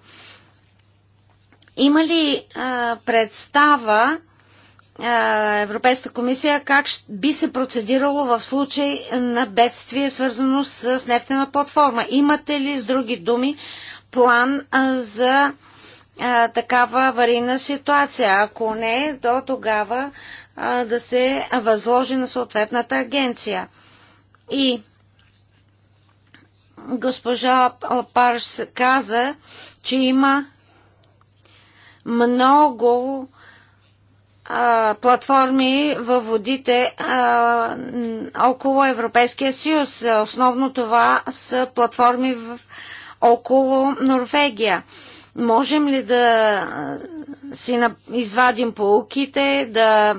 има ли а, представа а, Европейската комисия как би се процедирало в случай на бедствие, свързано с, нефтена платформа? Имате ли, с други думи, план а, за а, такава аварийна ситуация? Ако не, до тогава а, да се възложи на съответната агенция. И госпожа Алпарш каза, че има много а, платформи във водите а, около Европейския съюз. Основно това са платформи в, около Норвегия. Можем ли да си извадим полуките, да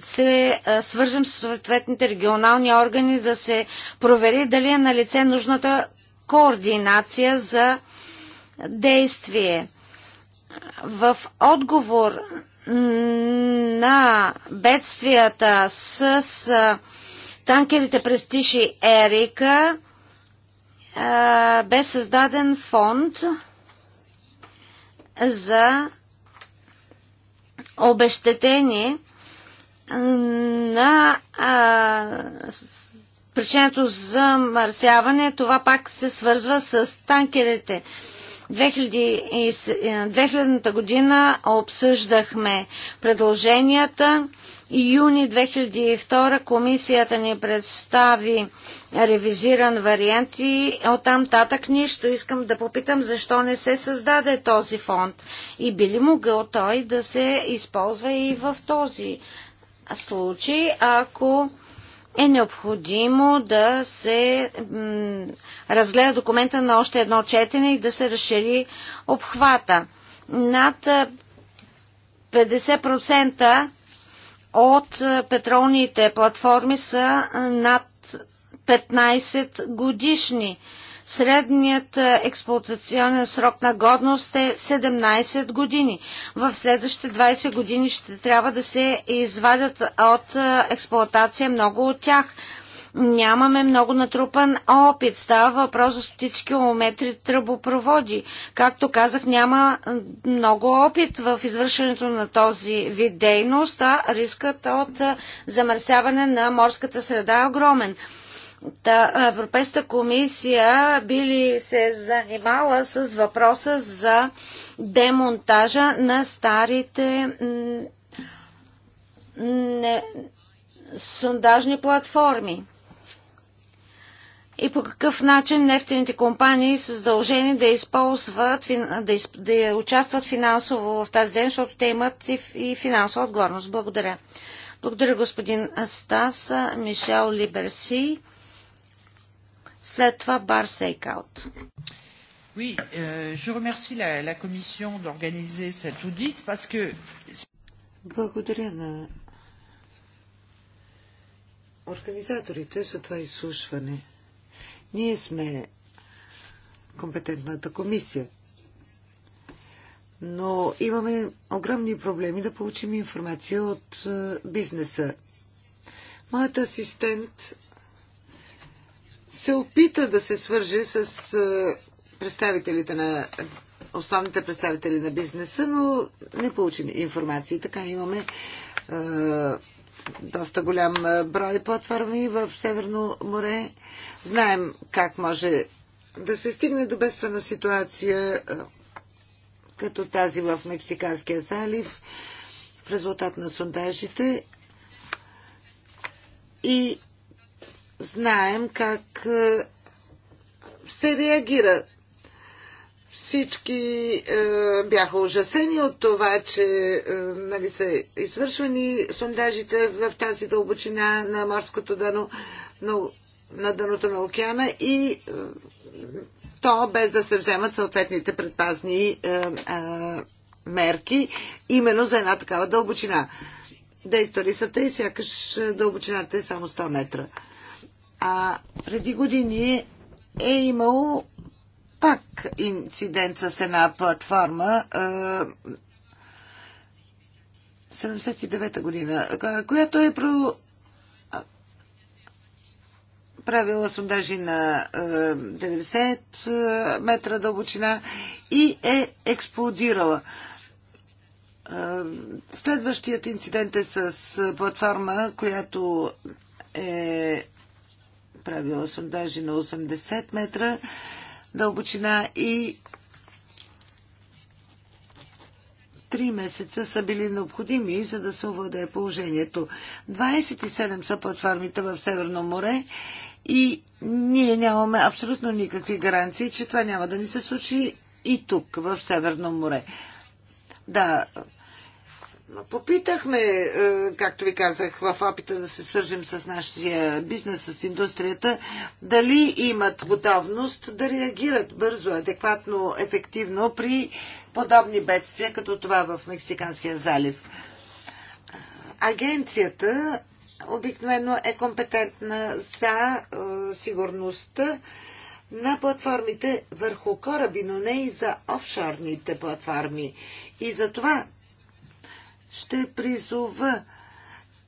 се свържем с съответните регионални органи, да се провери дали е на лице нужната координация за действие. В отговор на бедствията с танкерите през Тиши Ерика бе създаден фонд за обещетение на а, причинато за марсяване. това пак се свързва с танкерите. 2000 е, година обсъждахме предложенията юни 2002 комисията ни представи ревизиран вариант и оттам татък нищо. Искам да попитам защо не се създаде този фонд и би ли могъл той да се използва и в този случай, ако е необходимо да се разгледа документа на още едно четене и да се разшири обхвата. Над 50% от е, петролните платформи са е, над 15 годишни. Средният е, експлуатационен срок на годност е 17 години. В следващите 20 години ще трябва да се извадят от експлуатация много от тях нямаме много натрупан опит. Става въпрос за стотици километри тръбопроводи. Както казах, няма много опит в извършването на този вид дейност, а рискът от замърсяване на морската среда е огромен. Та, Европейската комисия били се занимала с въпроса за демонтажа на старите не, сондажни платформи? и по какъв начин нефтените компании са задължени да използват, да, из, да участват финансово в тази ден, защото те имат и, и финансова отговорност. Благодаря. Благодаря господин Астас, Мишел Либерси, след това Бар Сейкаут. Oui, euh, je remercie la, la Commission d'organiser cet audit parce que. Благодаря на организаторите за това изслушване. Ние сме компетентната комисия. Но имаме огромни проблеми да получим информация от е, бизнеса. Моят асистент се опита да се свърже с е, представителите на основните представители на бизнеса, но не получи информация. Така имаме е, доста голям брой платформи в Северно море. Знаем как може да се стигне до бедствена ситуация, като тази в Мексиканския залив, в резултат на сондажите. И знаем как се реагира всички е, бяха ужасени от това, че е, нали, са извършвани сондажите в тази дълбочина на морското дъно, на, на дъното на океана и е, то без да се вземат съответните предпазни е, е, мерки именно за една такава дълбочина. Действали са те и сякаш е, дълбочината е само 100 метра. А преди години е имало пак инцидент с една платформа. 79-та година, която е про правила сондажи на 90 метра дълбочина и е експлодирала. Следващият инцидент е с платформа, която е правила сондажи на 80 метра дълбочина и три месеца са били необходими, за да се овладее положението. 27 са платформите в Северно море и ние нямаме абсолютно никакви гаранции, че това няма да ни се случи и тук, в Северно море. Да, Попитахме, е, както ви казах, в опита да се свържим с нашия бизнес, с индустрията, дали имат готовност да реагират бързо, адекватно, ефективно при подобни бедствия, като това в Мексиканския залив. Агенцията обикновено е компетентна за е, сигурността на платформите върху кораби, но не и за офшорните платформи. И за това ще призова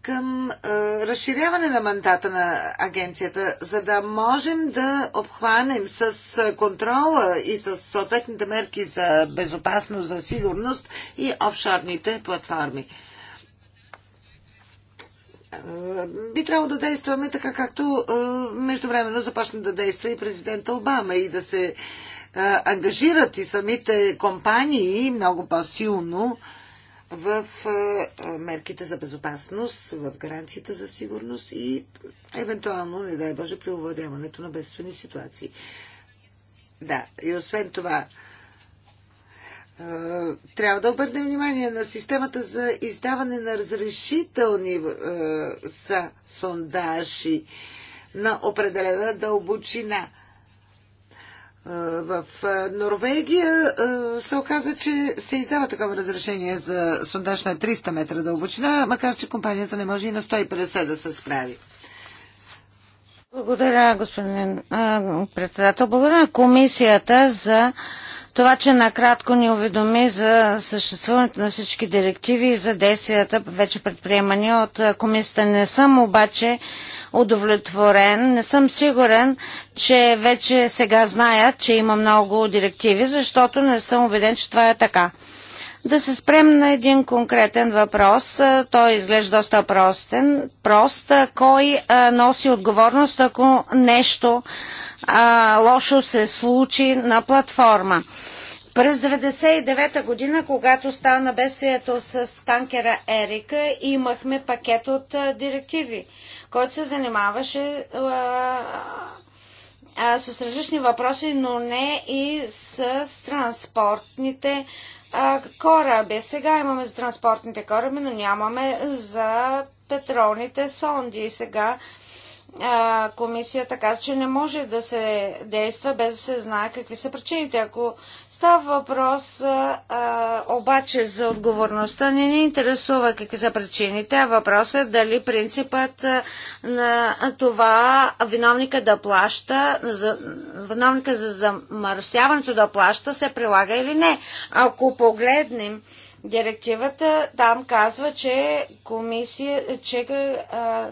към а, разширяване на мандата на агенцията, за да можем да обхванем с контрола и с съответните мерки за безопасност, за сигурност и офшорните платформи. Би трябвало да действаме така, както междувременно започна да действа и президента Обама и да се ангажират и самите компании много по-силно в е, е, мерките за безопасност, в гаранциите за сигурност и евентуално, не дай Боже, при овладяването на бедствени ситуации. Да, и освен това, е, трябва да обърнем внимание на системата за издаване на разрешителни са сондажи на определена дълбочина – в Норвегия се оказа, че се издава такова разрешение за сондаж на 300 метра дълбочина, макар че компанията не може и на 150 да се справи. Благодаря, господин председател. Благодаря на комисията за това, че накратко ни уведоми за съществуването на всички директиви и за действията вече предприемани от комисията. Не съм обаче удовлетворен. Не съм сигурен, че вече сега знаят, че има много директиви, защото не съм убеден, че това е така. Да се спрем на един конкретен въпрос. Той изглежда доста простен. Прост. Кой носи отговорност, ако нещо а, лошо се случи на платформа. През 1999 година, когато стана бесието с танкера Ерика, имахме пакет от а, директиви, който се занимаваше а, а, с различни въпроси, но не и с, транспортните а, кораби. Сега имаме за транспортните кораби, но нямаме за петролните сонди. Сега а, комисията каза, че не може да се действа без да се знае какви са причините. Ако става въпрос а, обаче за отговорността, не ни интересува какви са причините, а въпросът е дали принципът на това виновника да плаща, за, виновника за замърсяването да плаща се прилага или не. Ако погледнем директивата, там казва, че комисия, че а,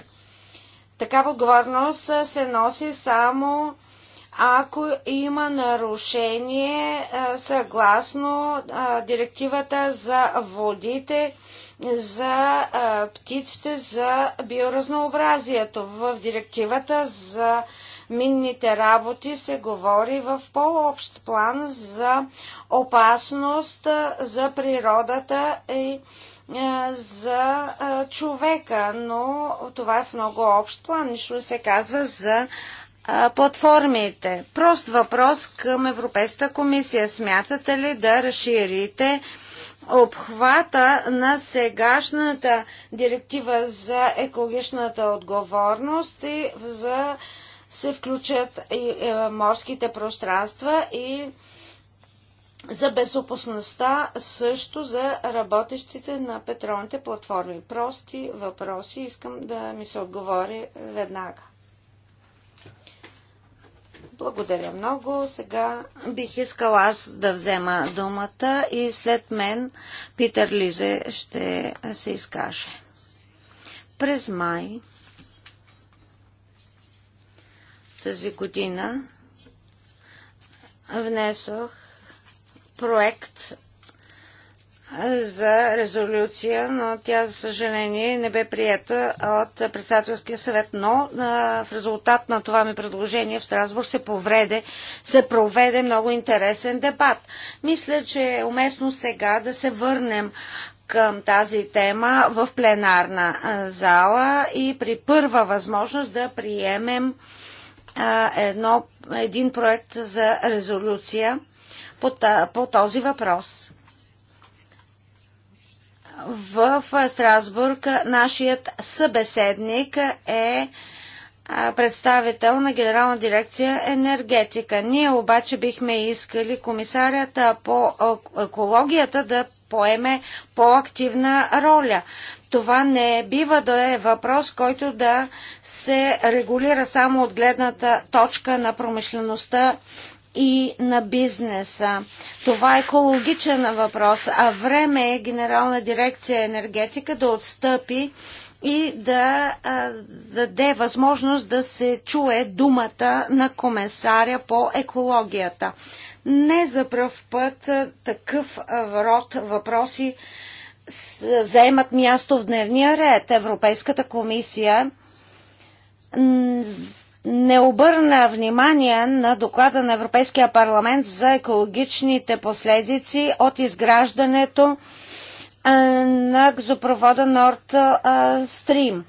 Такава отговорност се носи само ако има нарушение съгласно директивата за водите, за птиците, за биоразнообразието. В директивата за минните работи се говори в по-общ план за опасност за природата и е, за е, човека, но това е в много общ план. Нищо не се казва за е, платформите. Прост въпрос към Европейската комисия. Смятате ли да разширите обхвата на сегашната директива за екологичната отговорност и за се включат и морските пространства и за безопасността също за работещите на петролните платформи. Прости въпроси, искам да ми се отговори веднага. Благодаря много. Сега бих искала аз да взема думата и след мен Питер Лизе ще се изкаже. През май тази година внесох проект за резолюция, но тя, за съжаление, не бе приета от председателския съвет. Но а, в резултат на това ми предложение в Страсбург се, повреде, се проведе много интересен дебат. Мисля, че е уместно сега да се върнем към тази тема в пленарна зала и при първа възможност да приемем а, едно, един проект за резолюция по, по този въпрос. В Страсбург нашият събеседник е представител на Генерална дирекция енергетика. Ние обаче бихме искали комисарята по екологията да поеме по-активна роля. Това не бива да е въпрос, който да се регулира само от гледната точка на промишлеността и на бизнеса. Това е екологичен въпрос, а време е Генерална дирекция енергетика да отстъпи и да а, даде възможност да се чуе думата на комесаря по екологията. Не за пръв път такъв род въпроси заемат място в дневния ред. Европейската комисия не обърна внимание на доклада на Европейския парламент за екологичните последици от изграждането на газопровода Nord Stream.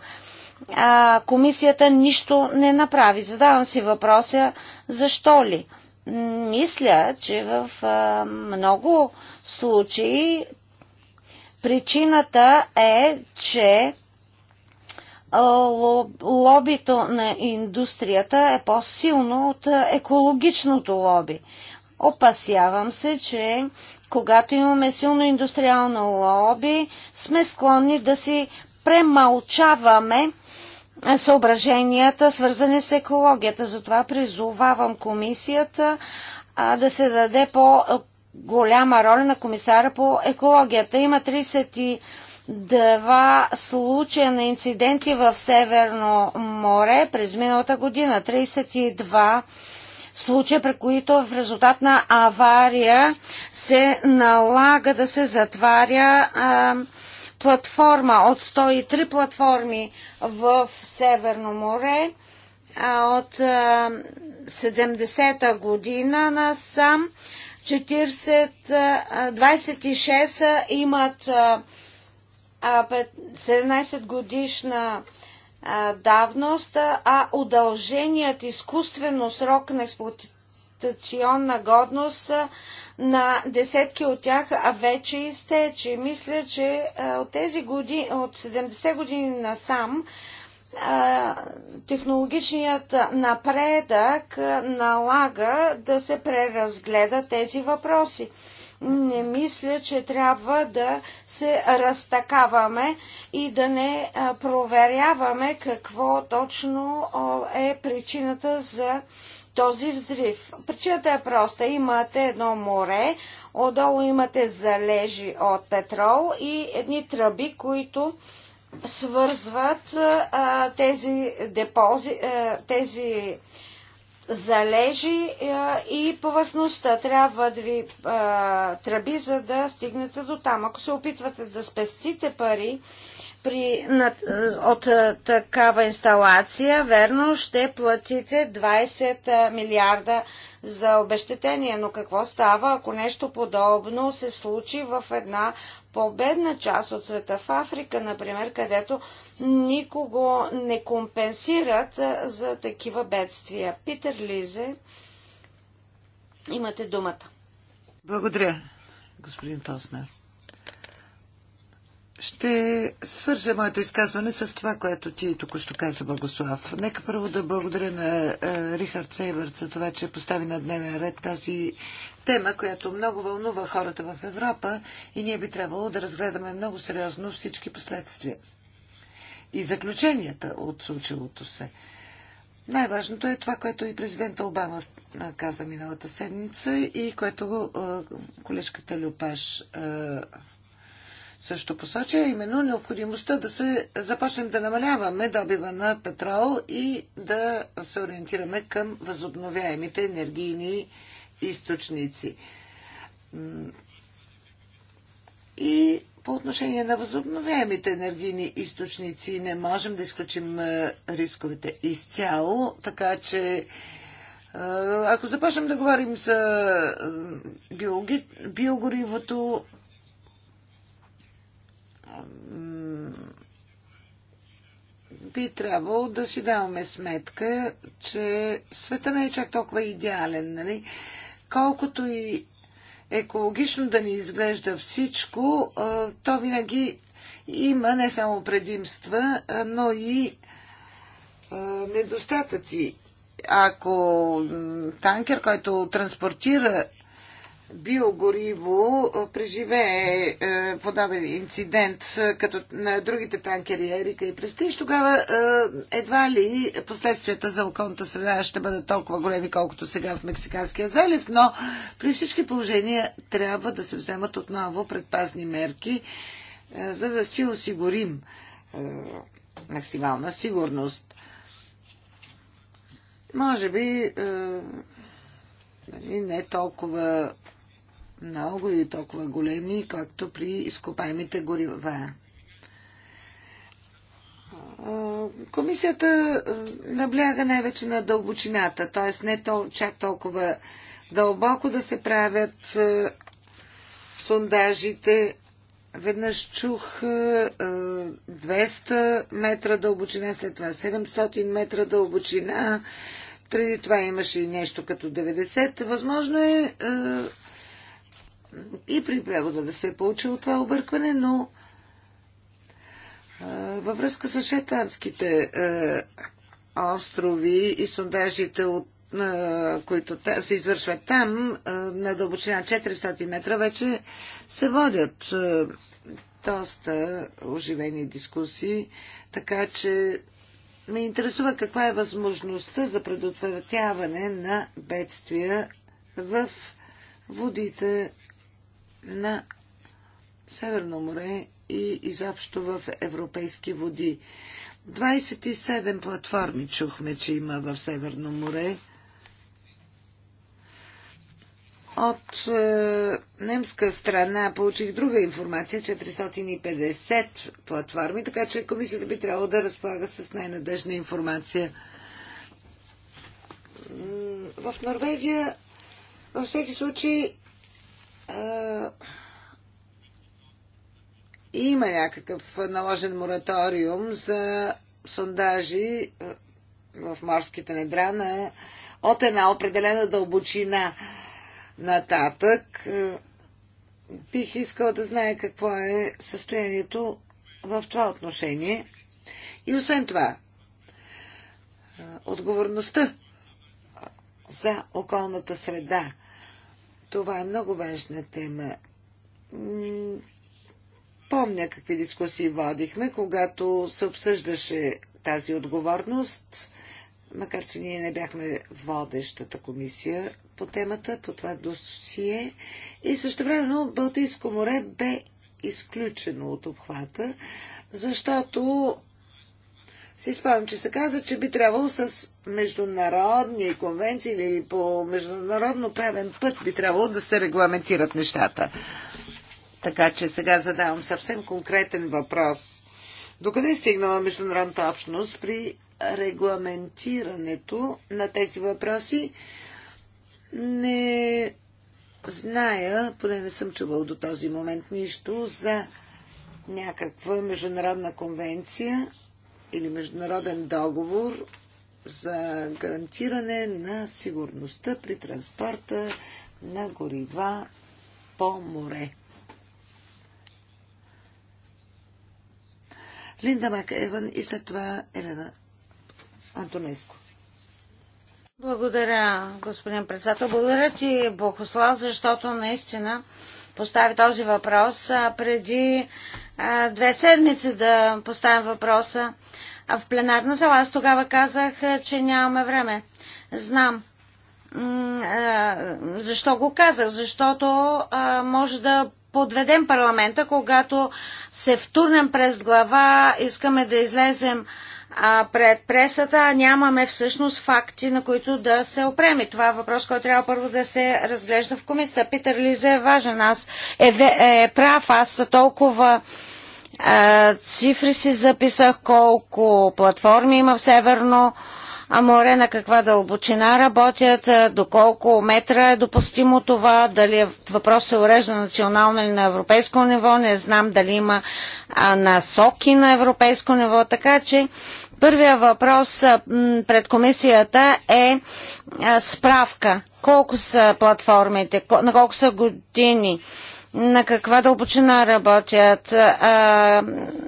Комисията нищо не направи. Задавам си въпроса защо ли. Мисля, че в много случаи причината е, че лобито на индустрията е по-силно от екологичното лоби. Опасявам се, че когато имаме силно индустриално лоби, сме склонни да си премълчаваме съображенията, свързани с екологията. Затова призовавам комисията а, да се даде по-голяма роля на комисара по екологията. Има 30 два случая на инциденти в Северно море през миналата година. 32 случая, при които в резултат на авария се налага да се затваря а, платформа от 103 платформи в Северно море а, от 70-та година на сам 40, а, 26 имат а, 17 годишна давност, а удълженият изкуствено срок на експлуатационна годност на десетки от тях вече изтече. Мисля, че от тези години, от 70 години насам, технологичният напредък налага да се преразгледат тези въпроси не мисля, че трябва да се разтакаваме и да не проверяваме какво точно е причината за този взрив. Причината е проста. Имате едно море, отдолу имате залежи от петрол и едни тръби, които свързват а, тези депози, а, тези залежи е, и повърхността. Трябва да ви а, е, тръби, за да стигнете до там. Ако се опитвате да спестите пари при, на, е, от а, такава инсталация, верно ще платите 20 милиарда за обещетение. Но какво става, ако нещо подобно се случи в една по-бедна част от света, в Африка, например, където никого не компенсират за такива бедствия. Питер Лизе, имате думата. Благодаря, господин Фоснер. Ще свържа моето изказване с това, което ти току-що каза, Благослав. Нека първо да благодаря на е, Рихард Сейбърт за това, че постави на дневен ред тази тема, която много вълнува хората в Европа и ние би трябвало да разгледаме много сериозно всички последствия и заключенията от случилото се. Най-важното е това, което и президента Обама каза миналата седмица и което е, колежката Люпаш е, също посочи, а именно необходимостта да се започнем да намаляваме добива на петрол и да се ориентираме към възобновяемите енергийни източници. И по отношение на възобновяемите енергийни източници не можем да изключим рисковете изцяло, така че ако започнем да говорим за биогоривото, би трябвало да си даваме сметка, че света не е чак толкова идеален, нали? Колкото и екологично да ни изглежда всичко, то винаги има не само предимства, но и недостатъци. Ако танкер, който транспортира биогориво преживее подобен инцидент като на другите танкери Ерика и Престиж, тогава едва ли последствията за околната среда ще бъдат толкова големи, колкото сега в Мексиканския залив, но при всички положения трябва да се вземат отново предпазни мерки, за да си осигурим максимална сигурност. Може би нали, не толкова много и толкова големи, както при изкопаемите горива. Комисията набляга най-вече на дълбочината, т.е. не тол- чак толкова дълбоко да се правят сондажите. Веднъж чух 200 метра дълбочина, след това 700 метра дълбочина. Преди това имаше и нещо като 90. Възможно е и при превода да се е получило това объркване, но във връзка с шетландските острови и сондажите от които се извършват там, на дълбочина 400 метра, вече се водят доста оживени дискусии, така че ме интересува каква е възможността за предотвратяване на бедствия в водите на Северно море и изобщо в европейски води. 27 платформи чухме, че има в Северно море. От е, немска страна получих друга информация 450 платформи, така че комисията би трябвало да разполага с най-надежна информация. В Норвегия във всеки случай има някакъв наложен мораториум за сондажи в морските недра на от една определена дълбочина нататък. Бих искала да знае какво е състоянието в това отношение. И освен това, отговорността за околната среда това е много важна тема. Помня какви дискусии водихме, когато се обсъждаше тази отговорност, макар че ние не бяхме водещата комисия по темата, по това досие. И също времено Балтийско море бе изключено от обхвата, защото си спомням, че се каза, че би трябвало с международни конвенции или по международно правен път би трябвало да се регламентират нещата. Така че сега задавам съвсем конкретен въпрос. Докъде е стигнала международната общност при регламентирането на тези въпроси? Не зная, поне не съм чувал до този момент нищо за някаква международна конвенция или международен договор за гарантиране на сигурността при транспорта на горива по море. Линда Мак Еван и след това Елена Антонеско. Благодаря, господин председател. Благодаря ти, Богослав, защото наистина постави този въпрос преди две седмици да поставям въпроса в пленарна зала. Аз тогава казах, че нямаме време. Знам. Защо го казах? Защото може да подведем парламента, когато се втурнем през глава, искаме да излезем а, пред пресата нямаме всъщност факти, на които да се опреми. Това е въпрос, който трябва първо да се разглежда в комисията. Питър Лизе е важен. Аз е, е прав. Аз толкова е, цифри си записах колко платформи има в Северно а море на каква дълбочина работят, доколко метра е допустимо това, дали е въпрос се урежда национално или на европейско ниво, не знам дали има насоки на европейско ниво, така че Първия въпрос пред комисията е справка. Колко са платформите, на колко са години? на каква дълбочина работят, а,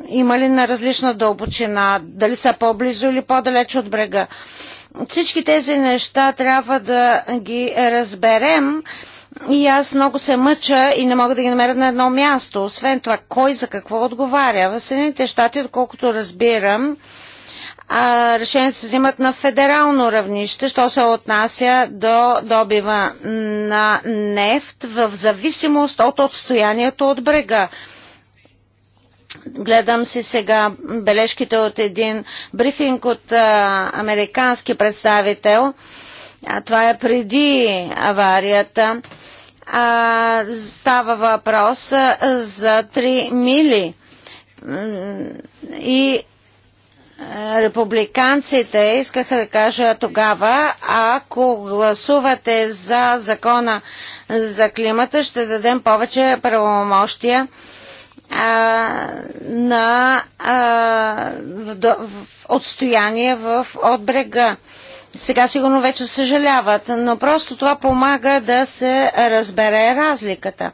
има ли на различна дълбочина, дали са по-близо или по-далеч от брега. Всички тези неща трябва да ги разберем и аз много се мъча и не мога да ги намеря на едно място. Освен това, кой за какво отговаря? В Съединените щати, доколкото разбирам, а, решенията се взимат на федерално равнище, що се отнася до добива на нефт в зависимост от отстоянието от брега. Гледам си сега бележките от един брифинг от а, американски представител. А, това е преди аварията. А, става въпрос а, за 3 мили. И републиканците искаха да кажа тогава, ако гласувате за закона за климата, ще дадем повече правомощия а, на а, в, в, отстояние в, от брега. Сега сигурно вече съжаляват, но просто това помага да се разбере разликата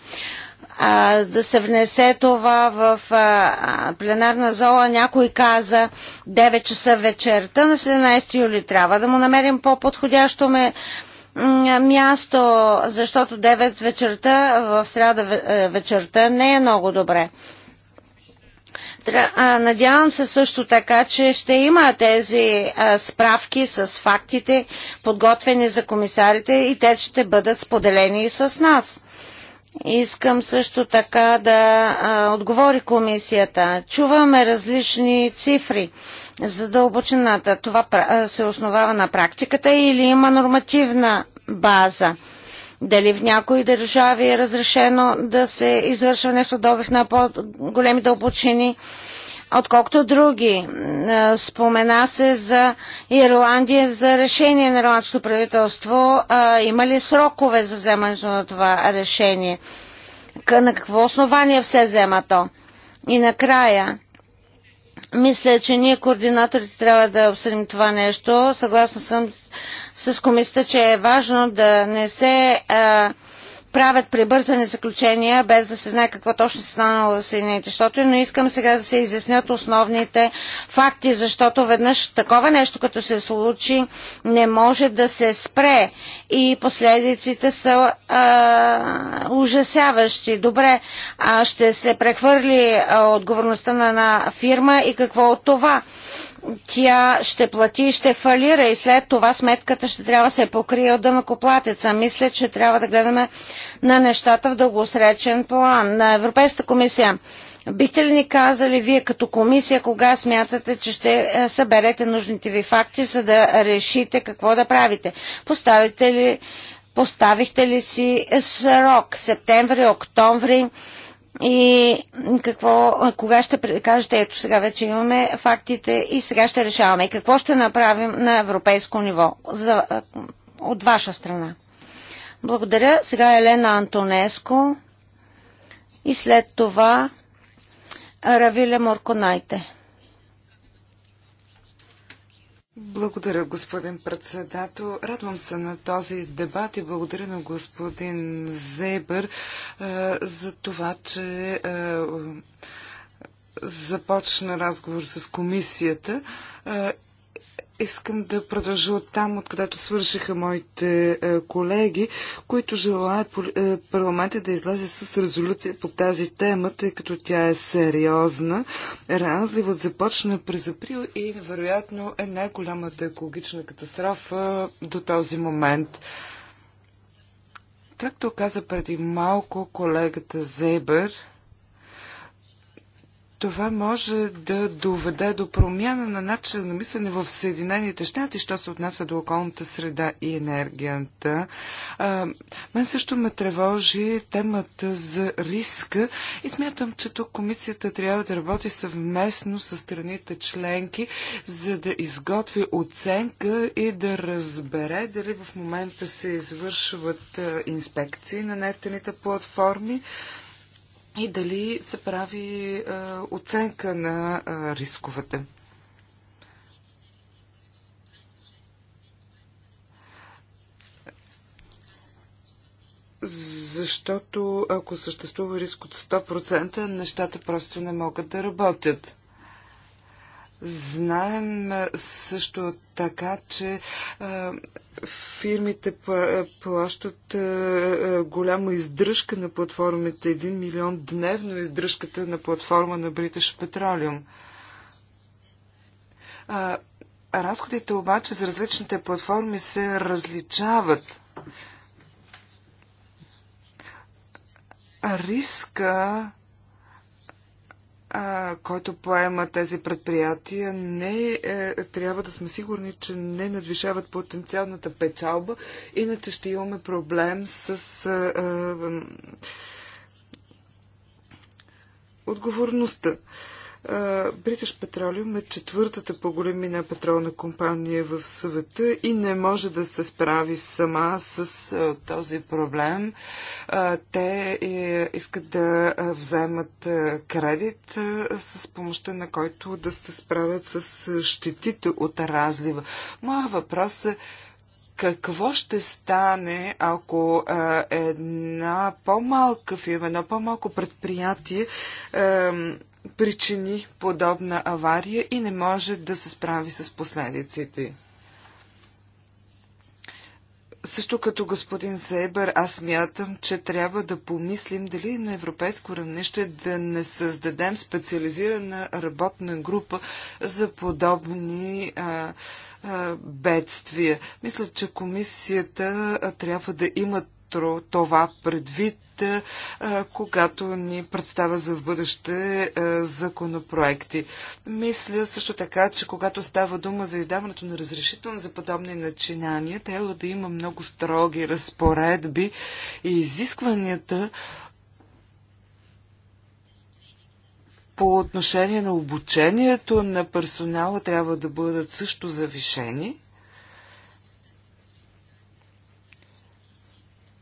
а, да се внесе това в а, пленарна зала. Някой каза 9 часа вечерта на 17 юли. Трябва да му намерим по-подходящо ме място, защото 9 вечерта в среда е, вечерта не е много добре. Надявам се също така, че ще има тези справки с фактите, подготвени за комисарите и те ще бъдат споделени и с нас. Искам също така да а, отговори комисията. Чуваме различни цифри за дълбочината. Това а, се основава на практиката или има нормативна база? Дали в някои държави е разрешено да се извършва нефтодобив на по-големи дълбочини? отколкото други. Спомена се за Ирландия, за решение на ирландското правителство. Има ли срокове за вземането на това решение? На какво основание все взема то? И накрая, мисля, че ние координаторите трябва да обсъдим това нещо. Съгласна съм с комисията, че е важно да не се а, правят прибързани заключения, без да се знае какво точно се станало в Съединените щати, но искам сега да се изяснят основните факти, защото веднъж такова нещо, като се случи, не може да се спре и последиците са а, ужасяващи. Добре, а ще се прехвърли а, отговорността на една фирма и какво от това? тя ще плати и ще фалира и след това сметката ще трябва да се покрие от дънакоплатеца. Мисля, че трябва да гледаме на нещата в дългосречен план. На Европейската комисия бихте ли ни казали вие като комисия кога смятате, че ще е, съберете нужните ви факти, за да решите какво да правите? Поставите ли, поставихте ли си срок септември, октомври? и какво, кога ще кажете, ето сега вече имаме фактите и сега ще решаваме и какво ще направим на европейско ниво за, от ваша страна. Благодаря. Сега Елена Антонеско и след това Равиле Морконайте. Благодаря, господин председател. Радвам се на този дебат и благодаря на господин Зебър е, за това, че е, започна разговор с комисията е, Искам да продължа от там, откъдето свършиха моите е, колеги, които желаят е, парламента да излезе с резолюция по тази тема, тъй като тя е сериозна. Разливът започна през април и вероятно е най-голямата екологична катастрофа е, до този момент. Както каза преди малко колегата Зебър, това може да доведе до промяна на начин на мислене в Съединените щати, що се отнася до околната среда и енергията. А, мен също ме тревожи темата за риска и смятам, че тук комисията трябва да работи съвместно с страните членки, за да изготви оценка и да разбере дали в момента се извършват инспекции на нефтените платформи и дали се прави е, оценка на е, рисковете. Защото ако съществува риск от 100%, нещата просто не могат да работят. Знаем също така, че е, фирмите е, плащат е, е, голяма издръжка на платформите, един милион дневно издръжката на платформа на British Petroleum. Разходите обаче за различните платформи се различават. Риска а, който поема тези предприятия, не е, трябва да сме сигурни, че не надвишават потенциалната печалба, иначе ще имаме проблем с а, е, а, е, отговорността. А, Бритиш Петролиум е четвъртата по големина петролна компания в света и не може да се справи сама с този проблем. Те е, искат да вземат кредит с помощта на който да се справят с щетите от разлива. Моя въпрос е какво ще стане, ако а, една по-малка фирма, едно по-малко предприятие а, причини подобна авария и не може да се справи с последиците. Също като господин Зейбър, аз мятам, че трябва да помислим дали на европейско равнище да не създадем специализирана работна група за подобни а, а, бедствия. Мисля, че комисията трябва да има това предвид когато ни представя за в бъдеще законопроекти. Мисля също така, че когато става дума за издаването на разрешително за подобни начинания, трябва да има много строги разпоредби и изискванията по отношение на обучението на персонала трябва да бъдат също завишени.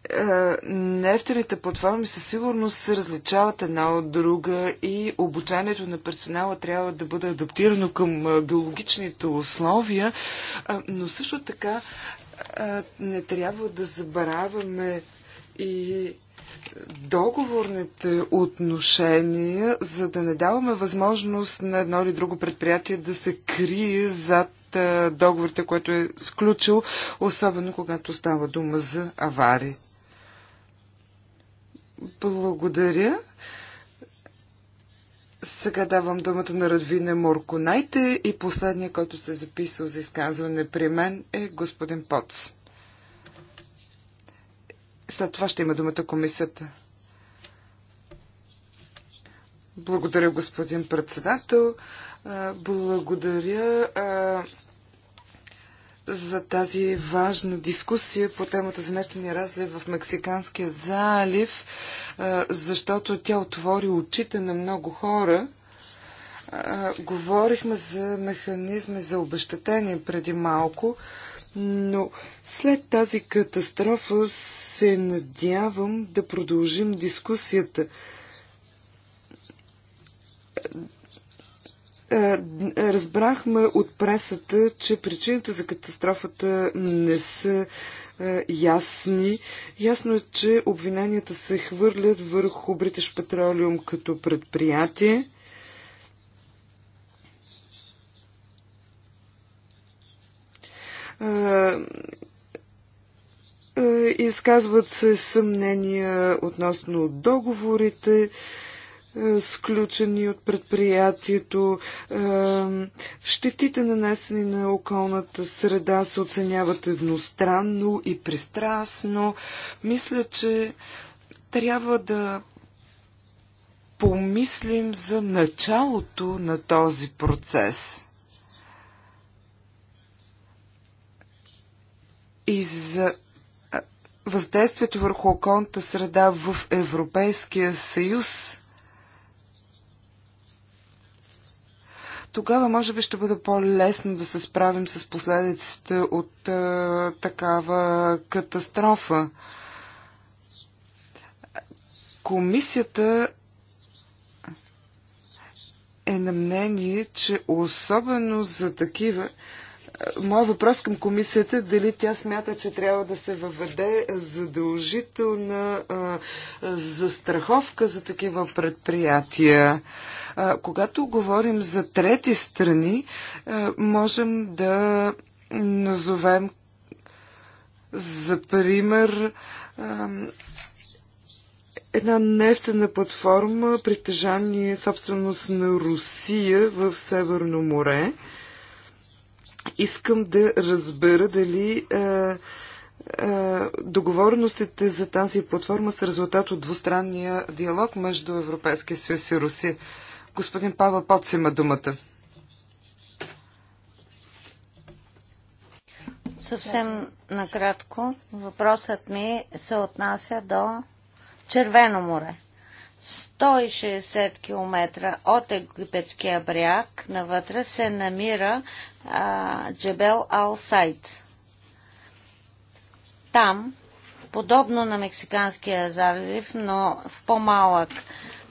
Е, нефтените платформи със сигурност се различават една от друга и обучението на персонала трябва да бъде адаптирано към е, геологичните условия, е, но също така не трябва да забравяме и договорните отношения, за да не даваме възможност на едно или друго предприятие да се крие зад договорите, което е сключил, особено когато става дума за аварии. Благодаря. Сега давам думата на Радвине Морконайте и последния, който се е записал за изказване при мен е господин Поц. След това ще има думата комисията. Благодаря, господин председател. Благодаря за тази важна дискусия по темата за нефтения разлив в Мексиканския залив, защото тя отвори очите на много хора. Говорихме за механизми за обещатение преди малко, но след тази катастрофа се надявам да продължим дискусията е, разбрахме от пресата, че причините за катастрофата не са е, ясни. Ясно е, че обвиненията се хвърлят върху Бритиш Петролиум като предприятие. Е, изказват се съмнения относно договорите, е, сключени от предприятието. Е, щетите нанесени на околната среда се оценяват едностранно и пристрастно. Мисля, че трябва да помислим за началото на този процес. И за е, въздействието върху околната среда в Европейския съюз. тогава може би ще бъде по-лесно да се справим с последиците от а, е, такава катастрофа. Комисията е на мнение, че особено за такива, е, Моят въпрос към комисията е дали тя смята, че трябва да се въведе задължителна е, застраховка за такива предприятия. Когато говорим за трети страни, можем да назовем за пример една нефтена платформа, притежание собственост на Русия в Северно море. Искам да разбера дали е, е, договорностите за тази платформа са резултат от двустранния диалог между Европейския съюз и Русия. Господин Павел Поц има думата. Съвсем накратко, въпросът ми се отнася до Червено море. 160 км от египетския бряг навътре се намира а, Джебел Ал Сайт. Там, подобно на Мексиканския залив, но в по-малък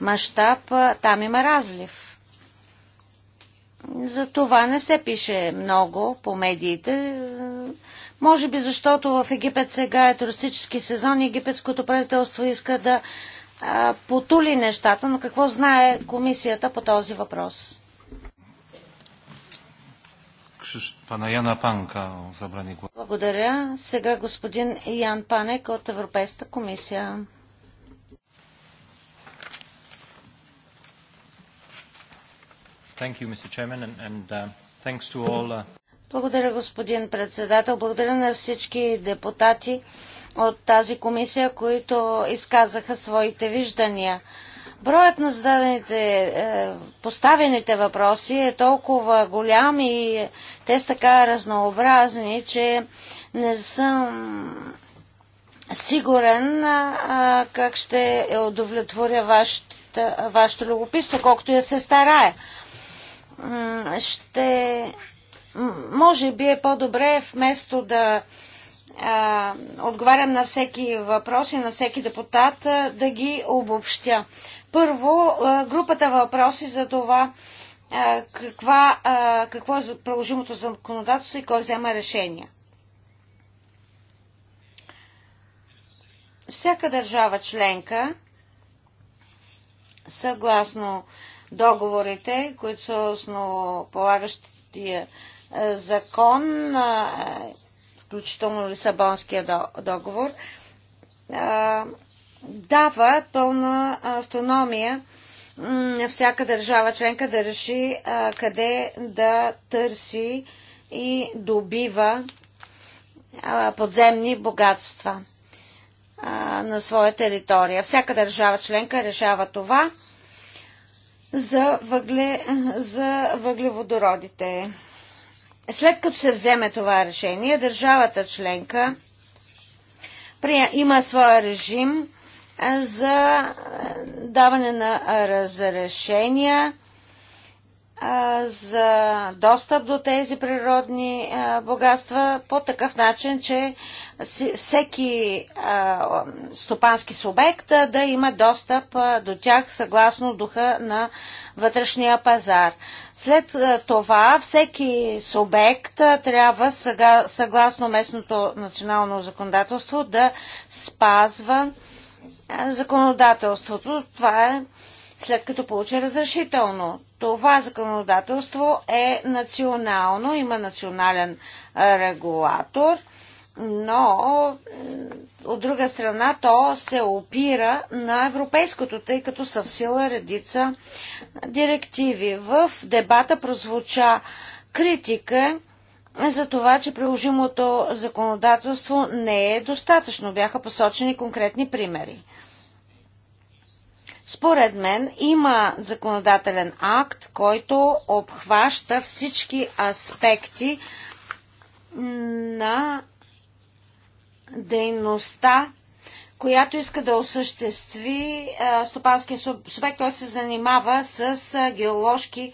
мащаб, там има разлив. За това не се пише много по медиите. Може би защото в Египет сега е туристически сезон и египетското правителство иска да а, потули нещата, но какво знае комисията по този въпрос? Пана Яна Панка забрани Благодаря. Сега господин Ян Панек от Европейската комисия. Благодаря, господин председател. Благодаря на всички депутати от тази комисия, които изказаха своите виждания. Броят на зададените, е, поставените въпроси е толкова голям и те са така разнообразни, че не съм сигурен как ще удовлетворя вашето, вашето любопитство, колкото я се старая ще може би е по-добре вместо да а, отговарям на всеки въпрос и на всеки депутат, а, да ги обобщя. Първо, а, групата въпроси за това а, каква, а, какво е приложимото законодателство и кой взема решения. Всяка държава членка, съгласно а, договорите, които са основополагащия е, закон, е, включително Лисабонския договор, е, дава пълна автономия на всяка държава членка да реши къде да търси и добива подземни богатства на своя територия. Всяка държава членка решава това за, въгле, за въглеводородите. След като се вземе това решение, държавата членка има своя режим за даване на разрешения за достъп до тези природни богатства по такъв начин, че всеки стопански субект да има достъп до тях съгласно духа на вътрешния пазар. След това всеки субект трябва сега, съгласно местното национално законодателство да спазва законодателството. Това е след като получи разрешително. Това законодателство е национално, има национален регулатор, но от друга страна то се опира на европейското, тъй като са в сила редица директиви. В дебата прозвуча критика за това, че приложимото законодателство не е достатъчно. Бяха посочени конкретни примери. Според мен има законодателен акт, който обхваща всички аспекти на дейността, която иска да осъществи стопанския субект, който се занимава с геоложки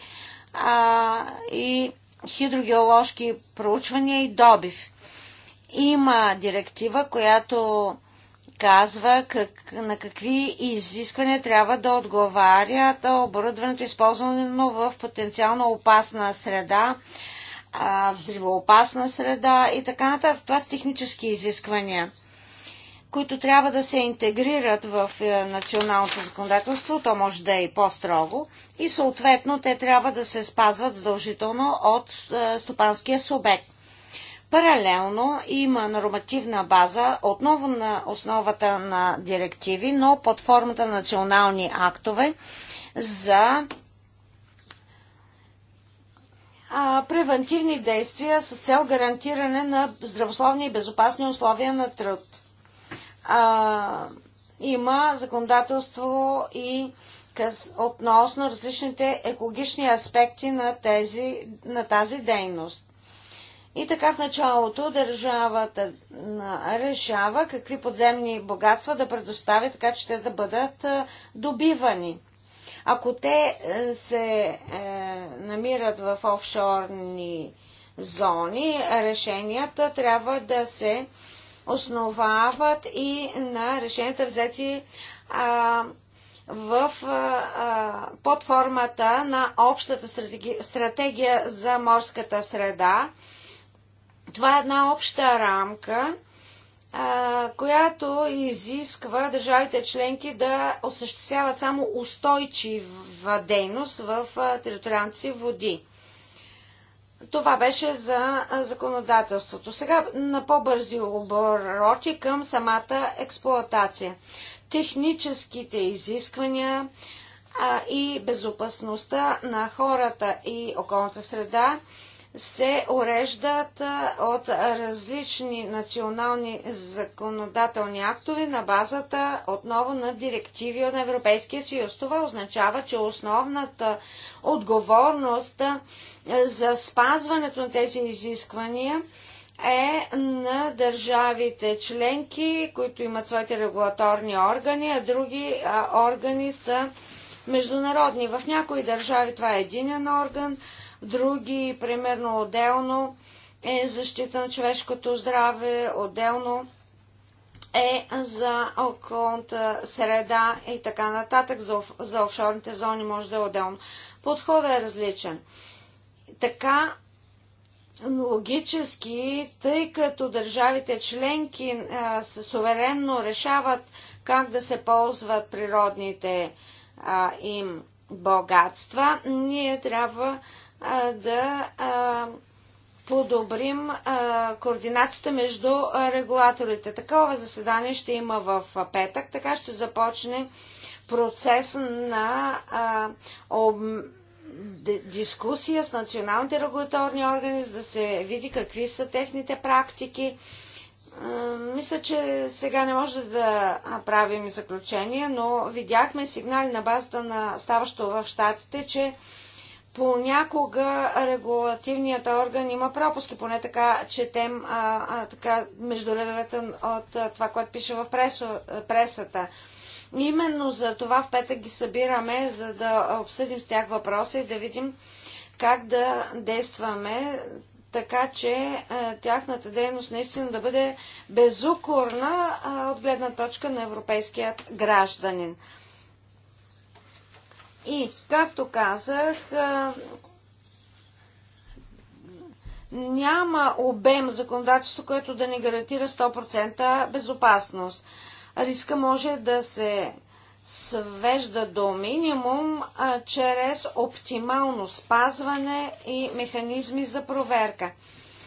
и хидрогеоложки проучвания и добив. Има директива, която казва как, на какви изисквания трябва да отговарят да оборудването, използвано в потенциално опасна среда, взривоопасна среда и така нататък. Това са технически изисквания които трябва да се интегрират в е, националното законодателство, то може да е и по-строго, и съответно те трябва да се спазват задължително от е, стопанския субект. Паралелно има нормативна база, отново на основата на директиви, но под формата на национални актове за превентивни действия с цел гарантиране на здравословни и безопасни условия на труд. А, има законодателство и къс, относно различните екологични аспекти на, тези, на тази дейност. И така в началото държавата решава какви подземни богатства да предостави, така че те да бъдат е, добивани. Ако те е, се е, намират в офшорни зони, решенията трябва да се основават и на решенията взети а, в, а, под формата на общата стратегия за морската среда това е една обща рамка, а, която изисква държавите членки да осъществяват само устойчива дейност в териториалните си води. Това беше за законодателството. Сега на по-бързи обороти към самата експлоатация. Техническите изисквания а, и безопасността на хората и околната среда се уреждат от различни национални законодателни актове на базата отново на директиви на Европейския съюз. Това означава, че основната отговорност за спазването на тези изисквания е на държавите членки, които имат своите регулаторни органи, а други органи са международни. В някои държави това е единен орган, други, примерно отделно е защита на човешкото здраве, отделно е за околната среда и така нататък. За, за офшорните зони може да е отделно. Подходът е различен. Така, логически, тъй като държавите членки а, суверенно решават как да се ползват природните а, им богатства, ние трябва а, да подобрим а, координацията между регулаторите. Такова заседание ще има в петък, така ще започне процес на а, об... дискусия с националните регулаторни органи, за да се види какви са техните практики. А, мисля, че сега не може да правим заключение, но видяхме сигнали на базата на ставащо в щатите, че понякога регулативният орган има пропуски, поне така четем а, а, така, между редовете от а, това, което пише в пресо, пресата. Именно за това в петък ги събираме, за да обсъдим с тях въпроса и да видим как да действаме, така че а, тяхната дейност наистина да бъде безукорна а, от гледна точка на европейският гражданин. И, както казах, няма обем законодателство, което да ни гарантира 100% безопасност. Риска може да се свежда до минимум а, чрез оптимално спазване и механизми за проверка.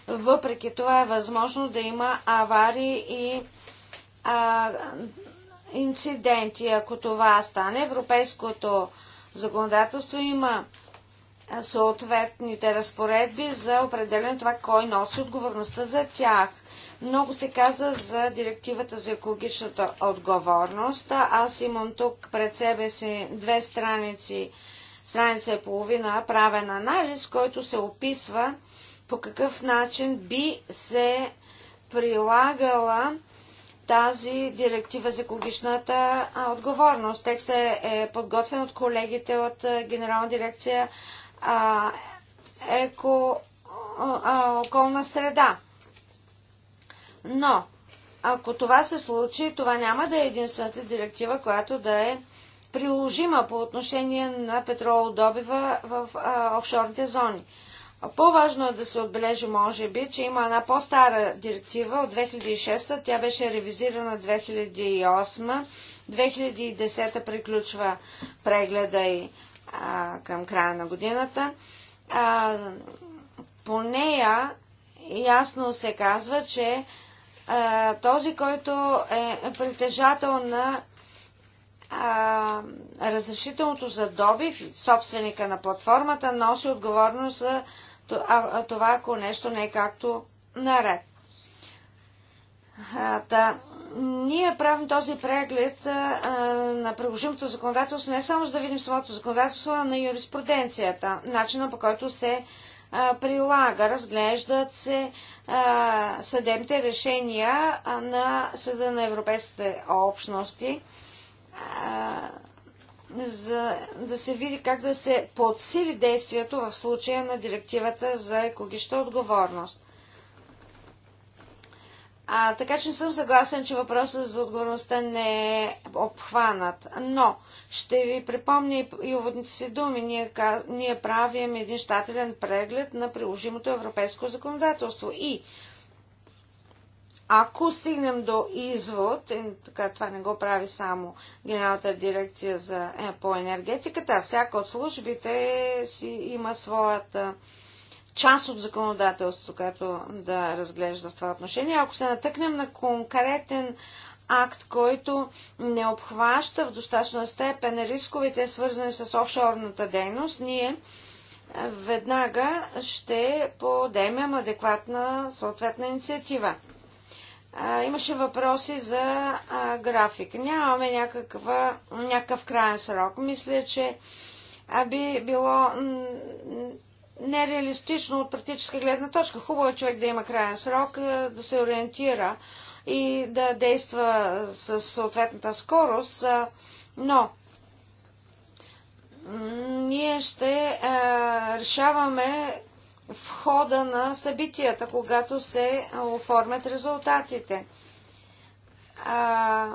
Въпреки това е възможно да има аварии и а, инциденти. Ако това стане, европейското законодателство има съответните разпоредби за определен това кой носи отговорността за тях. Много се каза за директивата за екологичната отговорност. Аз имам тук пред себе си две страници, страница и половина правен анализ, който се описва по какъв начин би се прилагала тази директива за екологичната отговорност. Текстът е, е подготвен от колегите от Генерална дирекция а, еко, а, околна среда. Но, ако това се случи, това няма да е единствената директива, която да е приложима по отношение на петролодобива в а, офшорните зони. По-важно е да се отбележи, може би, че има една по-стара директива от 2006, тя беше ревизирана 2008, 2010 приключва прегледа и а, към края на годината. А, по нея ясно се казва, че а, този, който е притежател на разрешителното за добив, собственика на платформата носи отговорност за това, ако нещо не е както наред. да, ние правим този преглед а, на приложимото законодателство не само за да видим самото законодателство, а на юриспруденцията, начина по който се а, прилага, разглеждат се а, съдебните решения на Съда на Европейските общности. А, за да се види как да се подсили действието в случая на директивата за екологична отговорност. А, така че не съм съгласен, че въпросът за отговорността не е обхванат. Но ще ви припомня и уводните си думи. Ние, ние правим един щателен преглед на приложимото европейско законодателство и ако стигнем до извод, и така, това не го прави само Генералната дирекция за, е, по енергетиката, а всяка от службите си има своята част от законодателството, което да разглежда в това отношение. Ако се натъкнем на конкретен акт, който не обхваща в достатъчна степен рисковете, свързани с офшорната дейност, ние е, веднага ще подемем адекватна съответна инициатива а, имаше въпроси за а, график. Нямаме някаква, някакъв крайен срок. Мисля, че а би било нереалистично от практическа гледна точка. Хубаво е човек да има крайен срок, а, да се ориентира и да действа с съответната скорост, а, но ние ще а, решаваме в хода на събитията, когато се оформят резултатите. А,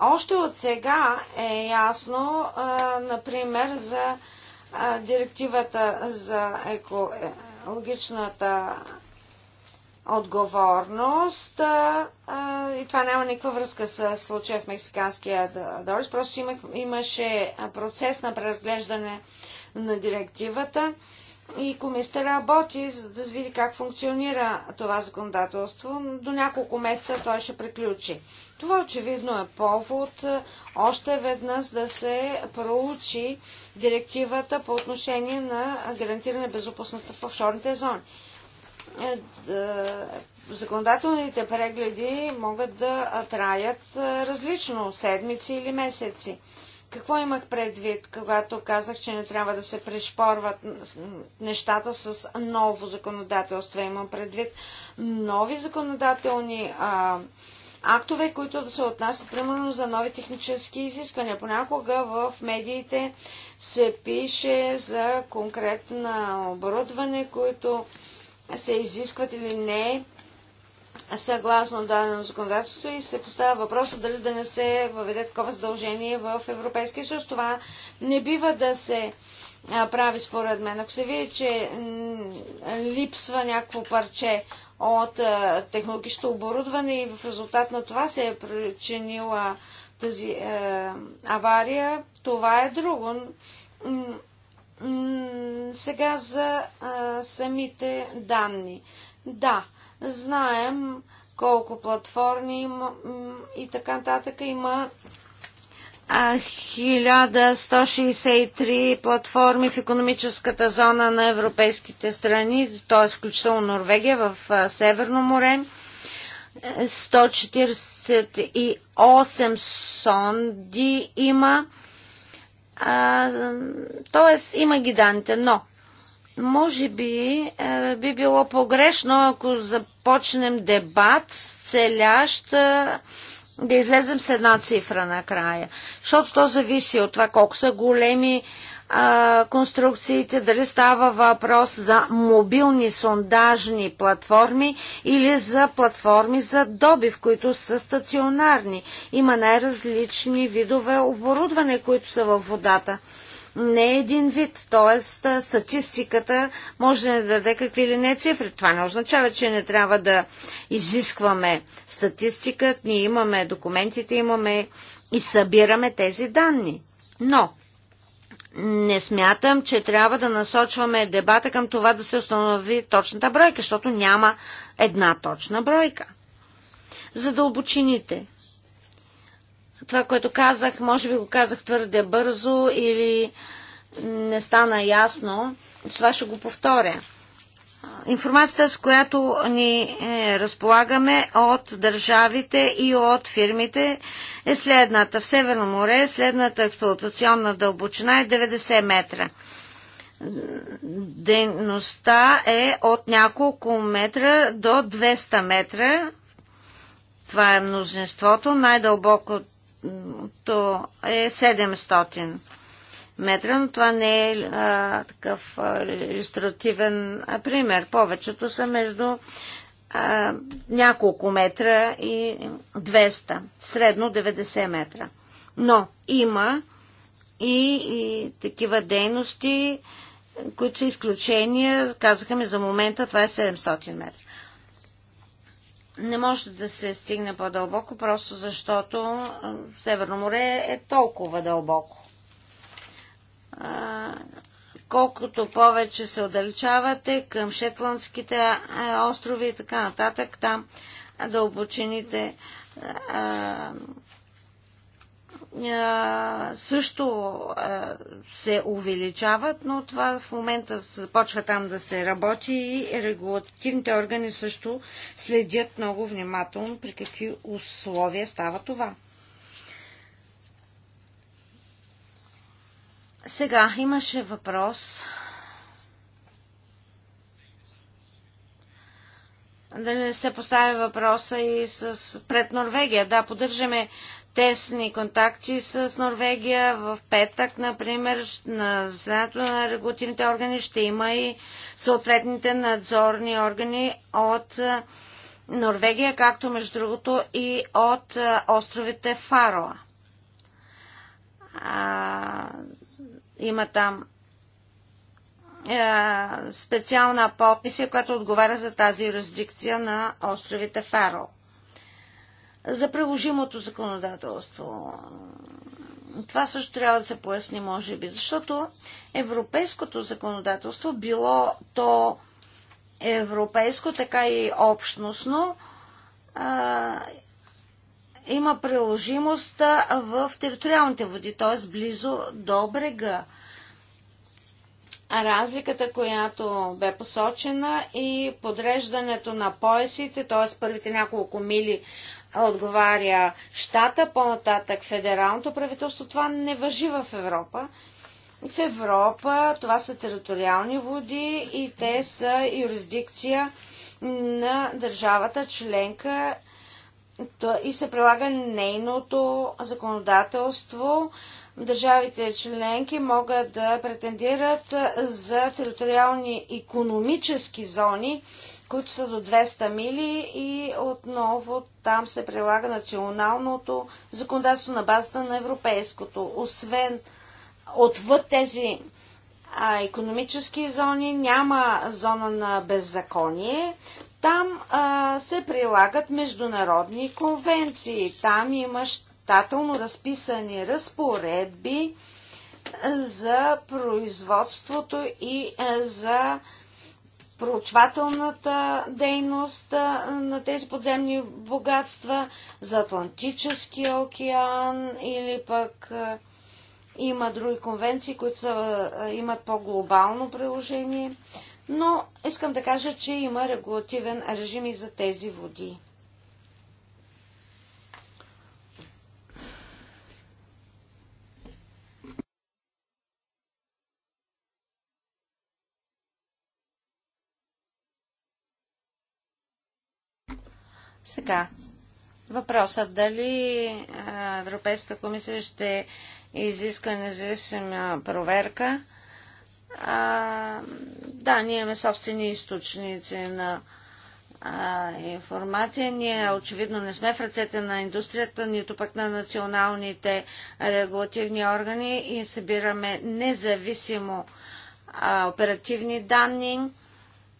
още от сега е ясно, а, например, за а, директивата за екологичната отговорност. А, а, и това няма никаква връзка с случая в Мексиканския дорис. Просто имах, имаше процес на преразглеждане на директивата. А, и комисията работи, за да види как функционира това законодателство. До няколко месеца той ще приключи. Това очевидно е повод е, още веднъж да се проучи директивата по отношение на гарантиране безопасността в офшорните зони. Е, е, законодателните прегледи могат да траят различно седмици или месеци. Какво имах предвид, когато казах, че не трябва да се пришпорват нещата с ново законодателство? Имам предвид нови законодателни а, актове, които да се отнасят примерно за нови технически изисквания. Понякога в медиите се пише за конкретно оборудване, които се изискват или не съгласно дадено законодателство и се поставя въпроса дали да не се въведе такова задължение в Европейския съюз. Това не бива да се прави според мен. Ако се види, че липсва някакво парче от технологично оборудване и в резултат на това се е причинила тази е, авария, това е друго. Сега за самите данни. Да, Знаем колко платформи има, и така нататък има 1163 платформи в економическата зона на европейските страни, т.е. включително Норвегия в Северно море. 148 сонди има. Т.е. има ги данните, но може би е, би било погрешно, ако започнем дебат с целящ е, да излезем с една цифра накрая. Защото то зависи от това колко са големи а, е, конструкциите, дали става въпрос за мобилни сондажни платформи или за платформи за добив, които са стационарни. Има най-различни видове оборудване, които са във водата не е един вид, т.е. статистиката може да не даде какви ли не цифри. Това не означава, че не трябва да изискваме статистика, ние имаме документите, имаме и събираме тези данни. Но не смятам, че трябва да насочваме дебата към това да се установи точната бройка, защото няма една точна бройка. Задълбочините. Да това, което казах, може би го казах твърде бързо или не стана ясно. С това ще го повторя. Информацията, с която ни е, разполагаме от държавите и от фирмите е следната. В Северно море е следната експлуатационна дълбочина е 90 метра. Дейността е от няколко метра до 200 метра. Това е мнозинството. Най-дълбоко то е 700 метра, но това не е а, такъв иллюстративен пример. Повечето са между а, няколко метра и 200, средно 90 метра. Но има и, и такива дейности, които са изключения. Казаха ми за момента това е 700 метра не може да се стигне по-дълбоко, просто защото Северно море е толкова дълбоко. Колкото повече се отдалечавате към Шетландските острови и така нататък, там дълбочините също се увеличават, но това в момента започва там да се работи и регулативните органи също следят много внимателно при какви условия става това. Сега имаше въпрос. Да не се поставя въпроса и с, пред Норвегия. Да, поддържаме тесни контакти с Норвегия. В петък, например, на заседанието на регулативните органи ще има и съответните надзорни органи от Норвегия, както между другото и от островите Фароа. Има там специална подписия, която отговаря за тази юрисдикция на островите Фароа за приложимото законодателство. Това също трябва да се поясни, може би, защото европейското законодателство, било то европейско, така и общностно, а, има приложимост в териториалните води, т.е. близо до брега. Разликата, която бе посочена и подреждането на поясите, т.е. първите няколко мили отговаря щата, по-нататък федералното правителство. Това не въжи в Европа. В Европа това са териториални води и те са юрисдикция на държавата членка и се прилага нейното законодателство. Държавите членки могат да претендират за териториални економически зони които са до 200 мили и отново там се прилага националното законодателство на базата на европейското. Освен отвъд тези а, економически зони няма зона на беззаконие. Там а, се прилагат международни конвенции. Там има щателно разписани разпоредби за производството и за проучвателната дейност на тези подземни богатства за Атлантическия океан или пък има други конвенции, които са, имат по-глобално приложение. Но искам да кажа, че има регулативен режим и за тези води. Сега, въпросът дали Европейската комисия ще изиска независима проверка. А, да, ние имаме собствени източници на а, информация. Ние очевидно не сме в ръцете на индустрията, нито пък на националните регулативни органи и събираме независимо а, оперативни данни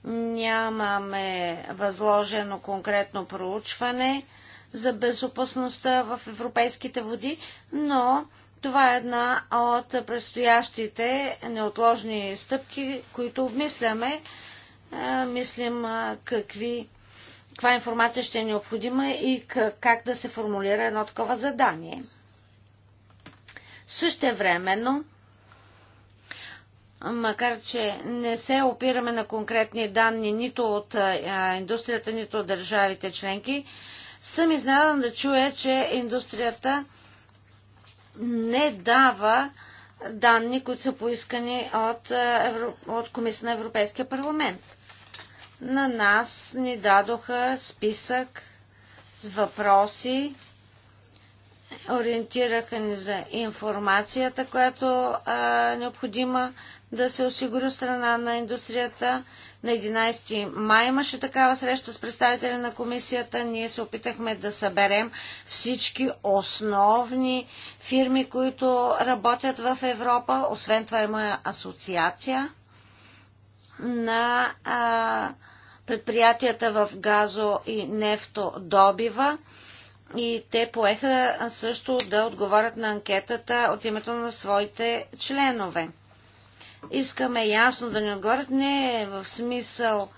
Нямаме възложено конкретно проучване за безопасността в европейските води, но това е една от предстоящите неотложни стъпки, които обмисляме. Е, мислим е, какви, каква информация ще е необходима и как, как да се формулира едно такова задание. Също времено макар че не се опираме на конкретни данни нито от индустрията, нито от държавите членки, съм изненадан да чуя, че индустрията не дава данни, които са поискани от, Евро... от Комисия на Европейския парламент. На нас ни дадоха списък с въпроси, ориентираха ни за информацията, която е необходима да се осигури страна на индустрията. На 11 май имаше такава среща с представители на комисията. Ние се опитахме да съберем всички основни фирми, които работят в Европа. Освен това има асоциация на а, предприятията в газо и нефтодобива. добива и те поеха също да отговорят на анкетата от името на своите членове. Искаме ясно да ни отговорят не в смисъл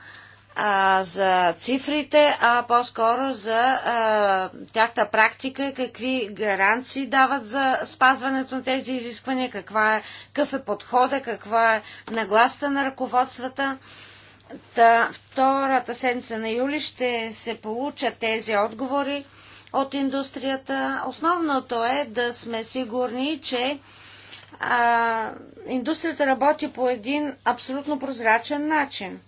а, за цифрите, а по-скоро за а, тяхта практика, какви гаранции дават за спазването на тези изисквания, каква е, какъв е подхода, каква е нагласта на ръководствата. Та, втората седмица на юли ще се получат тези отговори от индустрията. Основното е да сме сигурни, че а, индустрията работи по един абсолютно прозрачен начин.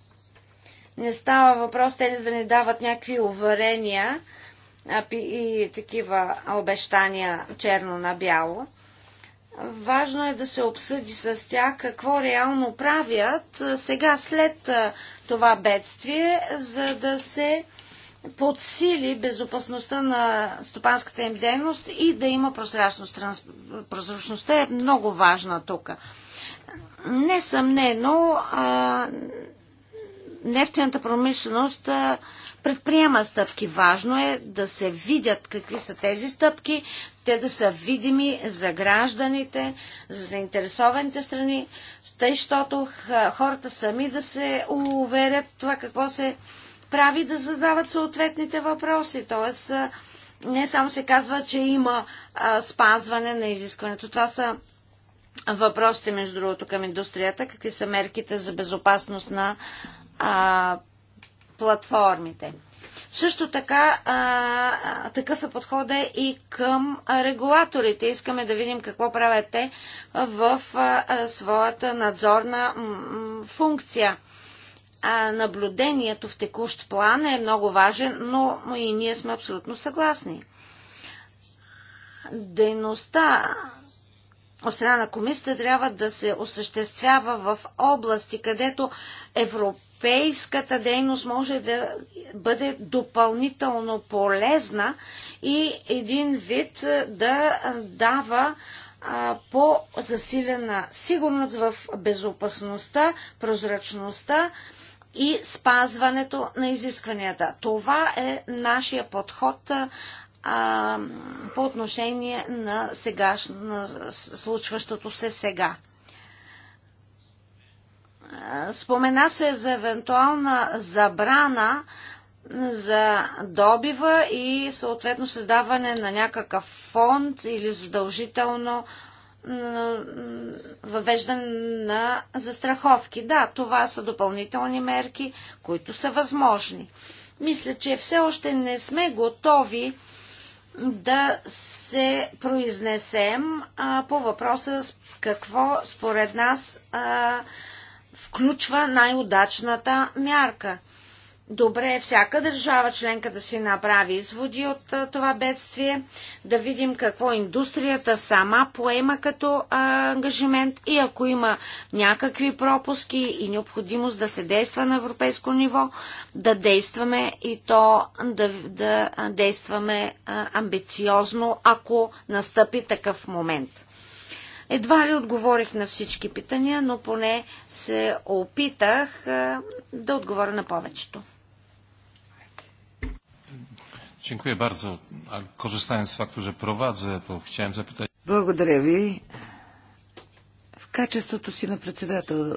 Не става въпрос те да ни дават някакви уверения а, и такива обещания черно на бяло. Важно е да се обсъди с тях какво реално правят сега след това бедствие, за да се подсили безопасността на стопанската им дейност и да има прозрачност. Прозрачността е много важна тук. Несъмнено, нефтената промишленост предприема стъпки. Важно е да се видят какви са тези стъпки, те да са видими за гражданите, за заинтересованите страни, тъй, защото хората сами да се уверят това какво се прави да задават съответните въпроси. Тоест, не само се казва, че има а, спазване на изискването. Това са въпросите, между другото, към индустрията. Какви са мерките за безопасност на а, платформите? Също така, а, такъв е подходът и към регулаторите. Искаме да видим какво правят те в а, своята надзорна функция а, наблюдението в текущ план е много важен, но и ние сме абсолютно съгласни. Дейността от страна на комисията трябва да се осъществява в области, където европейската дейност може да бъде допълнително полезна и един вид да дава по-засилена сигурност в безопасността, прозрачността и спазването на изискванията. Това е нашия подход а, по отношение на, сега, на случващото се сега. Спомена се за евентуална забрана за добива и съответно създаване на някакъв фонд или задължително въвеждане на застраховки. Да, това са допълнителни мерки, които са възможни. Мисля, че все още не сме готови да се произнесем а, по въпроса какво според нас а, включва най-удачната мярка добре е всяка държава членка да си направи изводи от а, това бедствие, да видим какво индустрията сама поема като а, ангажимент и ако има някакви пропуски и необходимост да се действа на европейско ниво, да действаме и то да, да действаме а, амбициозно, ако настъпи такъв момент. Едва ли отговорих на всички питания, но поне се опитах а, да отговоря на повечето. Dziękuję bardzo. A korzystając z faktu, że prowadzę, to chciałem zapytać... Благодаря ви. В качеството си на председател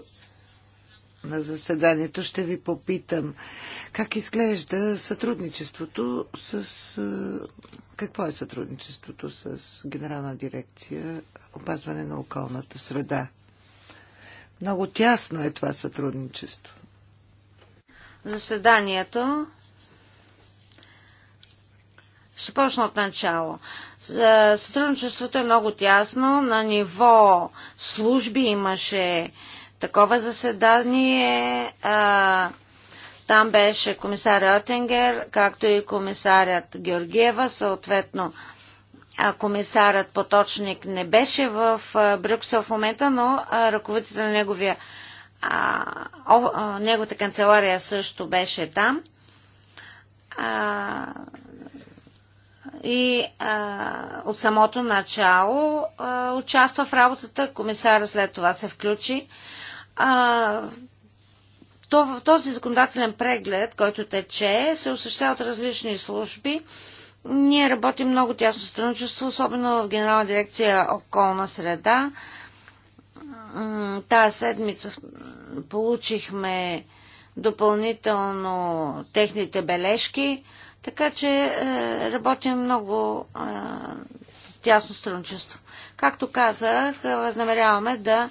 на заседанието ще ви попитам как изглежда сътрудничеството с... Е, какво е сътрудничеството с Генерална дирекция опазване на околната среда? Много тясно е това сътрудничество. Заседанието ще почна от начало. Е, сътрудничеството е много тясно. На ниво служби имаше такова заседание. Там беше комисаря Отенгер, както и комисарят Георгиева, съответно комисарят Поточник не беше в Брюксел в момента, но ръководител на неговия, неговата канцелария също беше там и а, от самото начало а, участва в работата. Комисара след това се включи. А, то в този законодателен преглед, който тече, се осъществява от различни служби. Ние работим много тясно сътрудничество, особено в Генерална дирекция околна среда. Тая седмица получихме допълнително техните бележки. Така че е, работим много е, тясно сътрудничество. Както казах, е, възнамеряваме да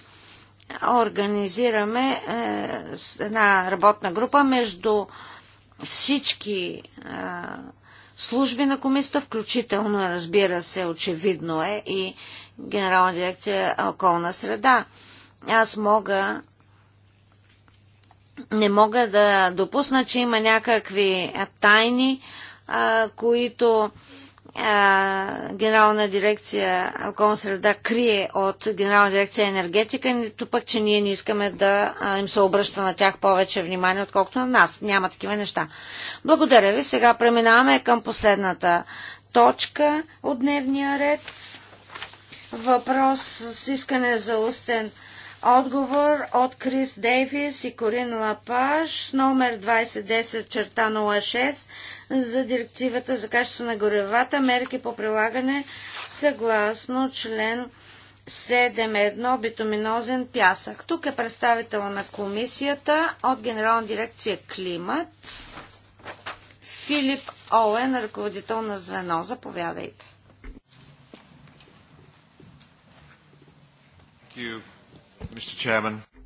организираме е, една работна група между всички е, служби на комисията, включително, разбира се, очевидно е и Генерална дирекция околна среда. Аз мога не мога да допусна, че има някакви тайни а, които а, Генерална дирекция околна среда крие от Генерална дирекция енергетика, нито пък, че ние не искаме да им се обръща на тях повече внимание, отколкото на нас. Няма такива неща. Благодаря ви. Сега преминаваме към последната точка от дневния ред. Въпрос с искане за устен Отговор от Крис Дейвис и Корин Лапаш с номер 2010 черта 06 за директивата за качество на горевата, мерки по прилагане съгласно член 7.1 битуминозен пясък. Тук е представител на комисията от Генерална дирекция Климат Филип Оуен, ръководител на звено. Заповядайте. Thank you.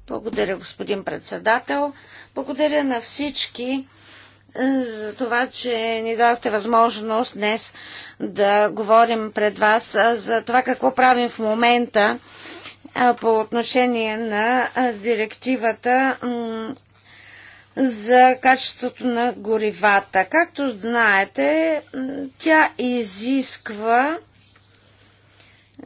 Благодаря, господин председател. Благодаря на всички е, за това, че ни дадохте възможност днес да говорим пред вас е, за това какво правим в момента е, по отношение на директивата за качеството на горивата. Както знаете, тя изисква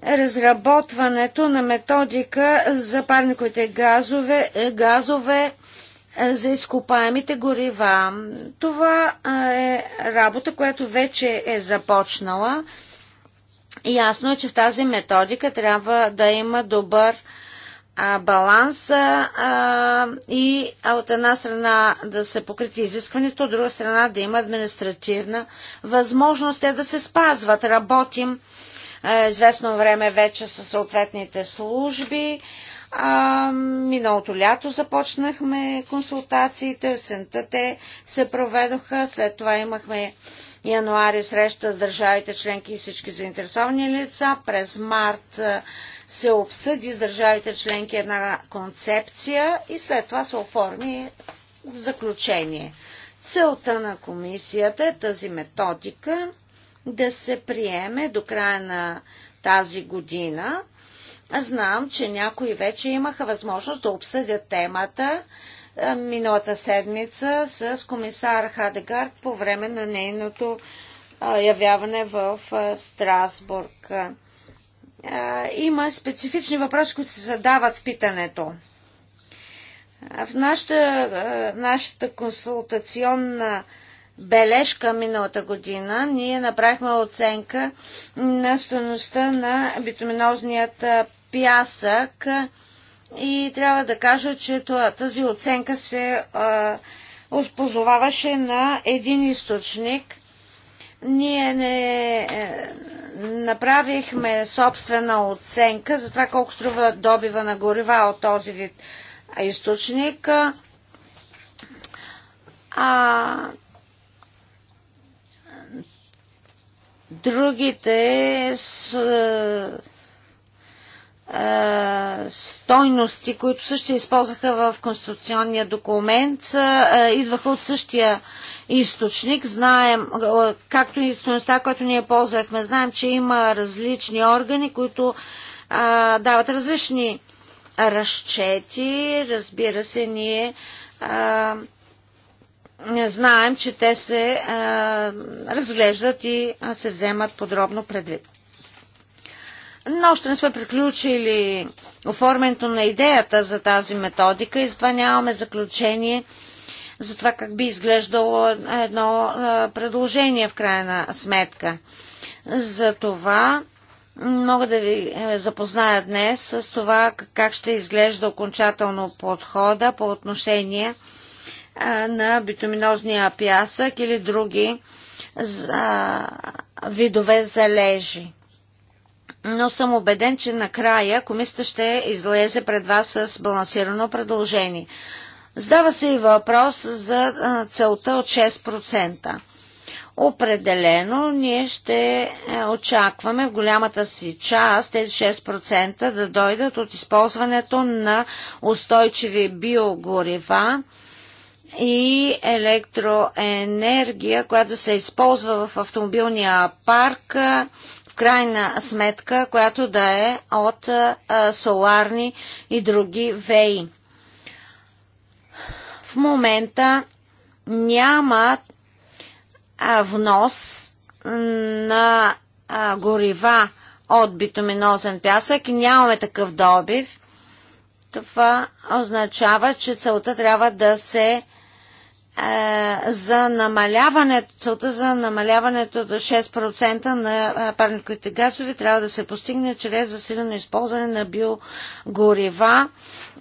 разработването на методика за парниковите газове, е, газове е, за изкопаемите горива. Това е работа, която вече е започнала. Ясно е, че в тази методика трябва да има добър а, баланс а, и от една страна да се покрити изискването, от друга страна да има административна възможност е да се спазват. Работим е, известно време вече със съответните служби. А, миналото лято започнахме консултациите, Сента те се проведоха, след това имахме януари среща с държавите членки и всички заинтересовани лица. През март е, се обсъди с държавите членки една концепция и след това се оформи заключение. Целта на комисията е тази методика да се приеме до края на тази година. Знам, че някои вече имаха възможност да обсъдят темата е, миналата седмица с комисар Хадегард по време на нейното е, явяване в е, Страсбург. Има специфични въпроси, които се задават в питането. В нашата, в нашата консултационна бележка миналата година, ние направихме оценка на стоеността на битуминозният пясък и трябва да кажа, че тази оценка се позоваваше на един източник. Ние не е, направихме собствена оценка за това колко струва добива на горива от този вид източник. А, другите с, а, стойности, които също използваха в конституционния документ, а, идваха от същия източник. Знаем, както и стойността, която ние ползвахме, знаем, че има различни органи, които а, дават различни разчети. Разбира се, ние а, знаем, че те се разглеждат и се вземат подробно предвид. Но още не сме приключили оформянето на идеята за тази методика и затова нямаме заключение за това как би изглеждало едно предложение в крайна сметка. За това мога да ви е, запозная днес с това как ще изглежда окончателно подхода по отношение на битуминозния пясък или други за видове залежи. Но съм убеден, че накрая комисията ще излезе пред вас с балансирано предложение. Сдава се и въпрос за целта от 6%. Определено ние ще е, очакваме в голямата си част тези 6% да дойдат от използването на устойчиви биогорива, и електроенергия, която се използва в автомобилния парк, в крайна сметка, която да е от соларни и други ВЕИ. В момента няма внос на горива от битуминозен пясък и нямаме такъв добив. Това означава, че целта трябва да се е, за намаляването, целта за намаляването до 6% на е, парниковите газове трябва да се постигне чрез засилено използване на биогорива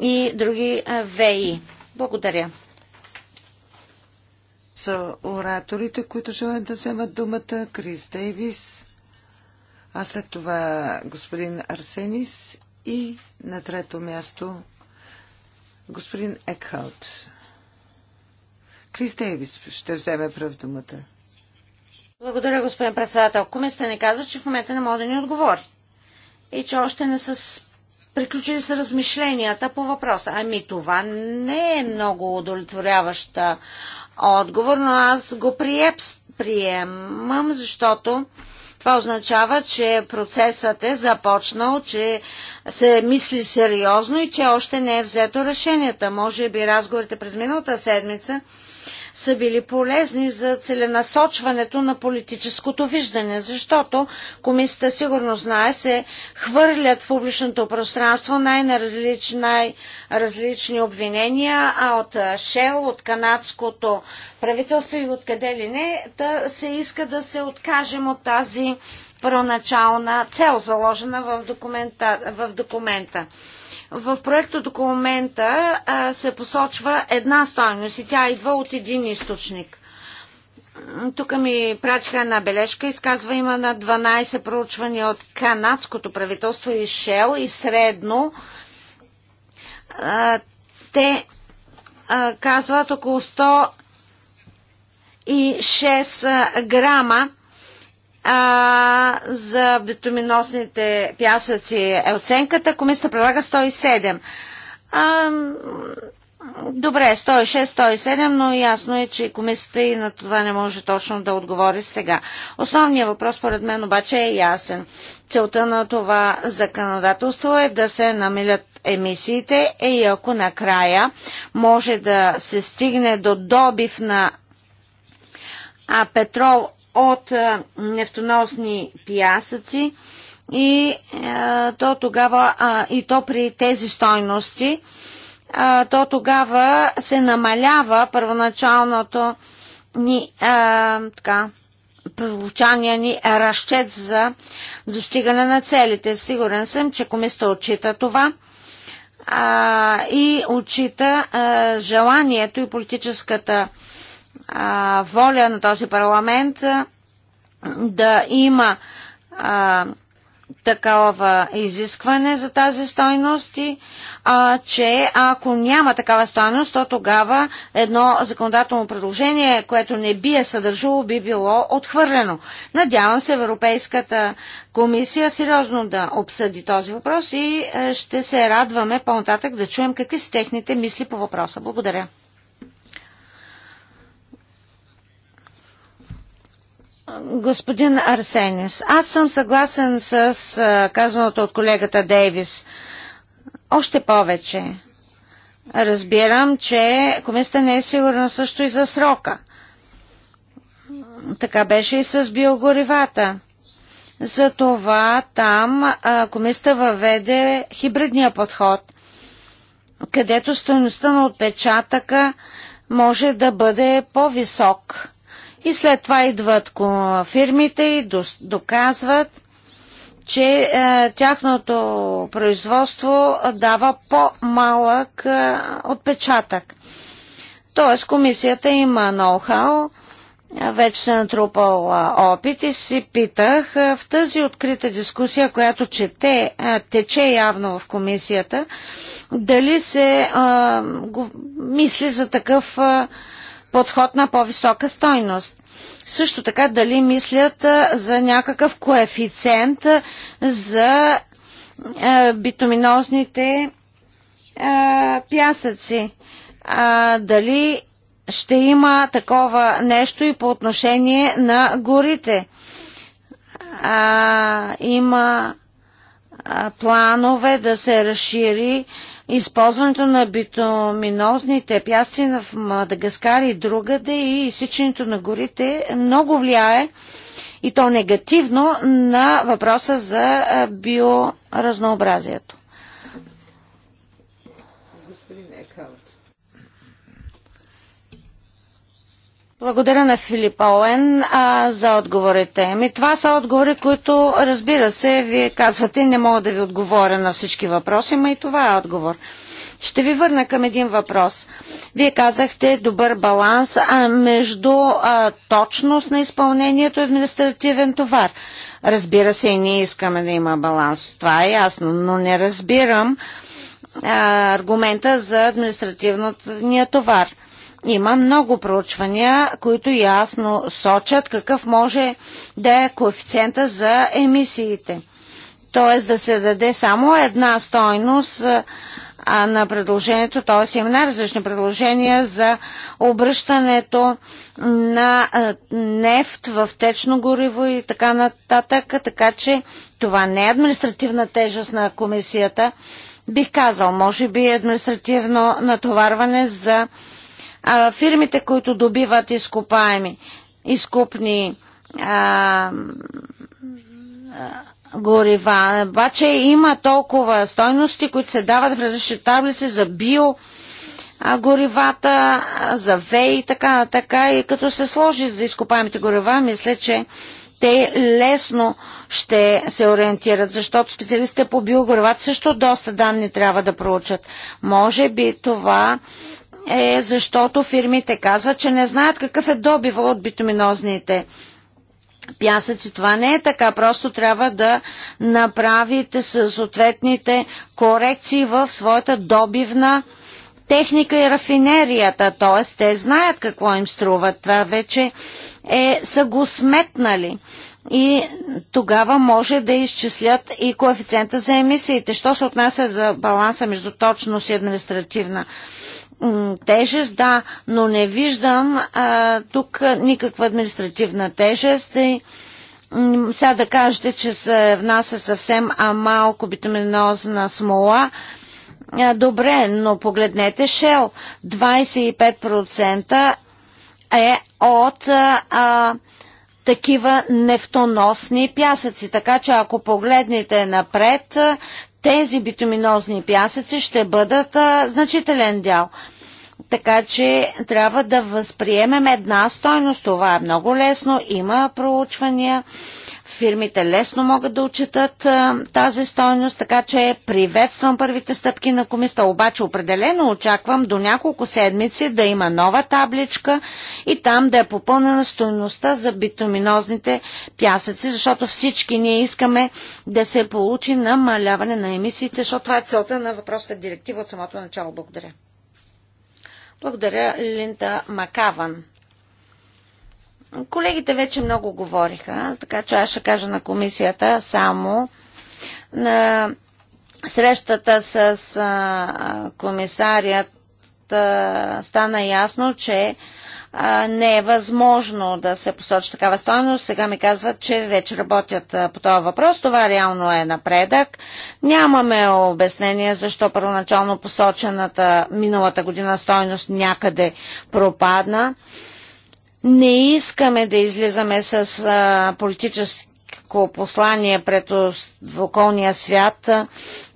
и други е, ВИ. Благодаря. Са ораторите, които желаят да вземат думата Крис Дейвис, а след това господин Арсенис и на трето място господин Екхаут. Крис ще вземе прав думата. Благодаря, господин председател. Комисията ни каза, че в момента не може да ни отговори и че още не са приключили с размишленията по въпроса. Ами това не е много удовлетворяваща отговор, но аз го приеп, приемам, защото това означава, че процесът е започнал, че се мисли сериозно и че още не е взето решенията. Може би разговорите през миналата седмица са били полезни за целенасочването на политическото виждане, защото комисията сигурно знае, се хвърлят в публичното пространство най-различни най обвинения, а от Шел, от канадското правителство и откъде ли не, да се иска да се откажем от тази първоначална цел, заложена в документа. В документа. В проекто документа се посочва една стойност и тя идва от един източник. Тук ми пратиха една бележка. Изказва има на 12 проучвания от канадското правителство и Шел и средно те казват около 106 грама а, за битуминосните пясъци е оценката. Комисията предлага 107. А, добре, 106, 107, но ясно е, че комисията и на това не може точно да отговори сега. Основният въпрос, според мен, обаче е ясен. Целта на това законодателство е да се намилят емисиите и ако накрая може да се стигне до добив на а петрол от нефтоносни пясъци и а, то тогава а, и то при тези стойности а, то тогава се намалява първоначалното ни а, така проучания ни разчет за достигане на целите. Сигурен съм, че комисията отчита това а, и отчита а, желанието и политическата а, а, воля на този парламент а, да има а, такова изискване за тази стойност и а, че ако няма такава стойност, то тогава едно законодателно предложение, което не би е съдържало, би било отхвърлено. Надявам се Европейската комисия сериозно да обсъди този въпрос и е, ще се радваме по-нататък да чуем какви са техните мисли по въпроса. Благодаря. господин Арсенис. Аз съм съгласен с казаното от колегата Дейвис. Още повече. Разбирам, че комисията не е сигурна също и за срока. Така беше и с биогоривата. Затова там комисията въведе хибридния подход, където стоеността на отпечатъка може да бъде по-висок и след това идват фирмите и доказват, че е, тяхното производство дава по-малък е, отпечатък. Тоест комисията има ноу-хау, е, вече се е натрупал е, опит и си питах в тази открита дискусия, която чете, тече явно в комисията, дали се а, го, мисли за такъв а, подход на по-висока стойност. Също така дали мислят за някакъв коефициент за битуминозните пясъци. Дали ще има такова нещо и по отношение на горите. Има планове да се разшири използването на битоминозните пясти в Мадагаскар и другаде и изсичането на горите много влияе и то негативно на въпроса за биоразнообразието. Благодаря на Филип Оуен а, за отговорите. Ми, това са отговори, които, разбира се, вие казвате, не мога да ви отговоря на всички въпроси, но и това е отговор. Ще ви върна към един въпрос. Вие казахте добър баланс а, между а, точност на изпълнението и административен товар. Разбира се, и ние искаме да има баланс. Това е ясно, но не разбирам а, аргумента за административния товар. Има много проучвания, които ясно сочат какъв може да е коефициента за емисиите. Тоест да се даде само една стойност а на предложението, т.е. имаме различни предложения за обръщането на нефт в течно гориво и така нататък, така че това не е административна тежест на комисията. Бих казал, може би е административно натоварване за а, фирмите, които добиват изкопаеми, изкупни а, горива. Обаче има толкова стойности, които се дават в различни таблици за био горивата, за ВЕИ и така така. И като се сложи за изкопаемите горива, мисля, че те лесно ще се ориентират, защото специалистите по биогоревата също доста данни трябва да проучат. Може би това е защото фирмите казват, че не знаят какъв е добива от битуминозните пясъци. Това не е така. Просто трябва да направите съответните корекции в своята добивна техника и рафинерията. Т.е. те знаят какво им струва. Това вече е, са го сметнали. И тогава може да изчислят и коефициента за емисиите. Що се отнася за баланса между точност и административна тежест, да, но не виждам а, тук никаква административна тежест. И, сега да кажете, че се внася съвсем а малко битуминозна смола. А, добре, но погледнете Шел. 25% е от а, а, такива нефтоносни пясъци. Така че ако погледнете напред, тези битуминозни пясъци ще бъдат а, значителен дял. Така че трябва да възприемем една стойност. Това е много лесно. Има проучвания. Фирмите лесно могат да отчитат тази стойност, така че приветствам първите стъпки на комиста. Обаче определено очаквам до няколко седмици да има нова табличка и там да е попълнена стойността за битуминозните пясъци, защото всички ние искаме да се получи намаляване на емисиите, защото това е целта на въпросата директива от самото начало. Благодаря. Благодаря, Линта Макаван. Колегите вече много говориха, така че аз ще кажа на комисията само на срещата с комисарият стана ясно, че не е възможно да се посочи такава стоеност. Сега ми казват, че вече работят по този въпрос. Това реално е напредък. Нямаме обяснение защо първоначално посочената миналата година стоеност някъде пропадна. Не искаме да излизаме с политически политическо послание пред околния свят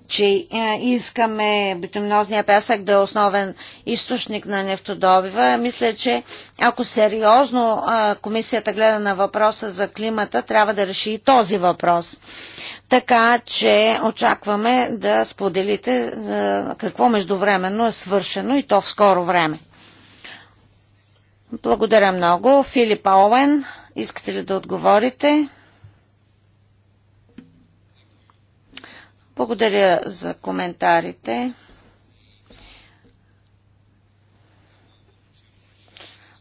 че е, искаме битуминозния пясък да е основен източник на нефтодобива. Мисля, че ако сериозно е, комисията гледа на въпроса за климата, трябва да реши и този въпрос. Така че очакваме да споделите е, какво междувременно е свършено и то в скоро време. Благодаря много. Филип Оуен, искате ли да отговорите? Благодаря за коментарите.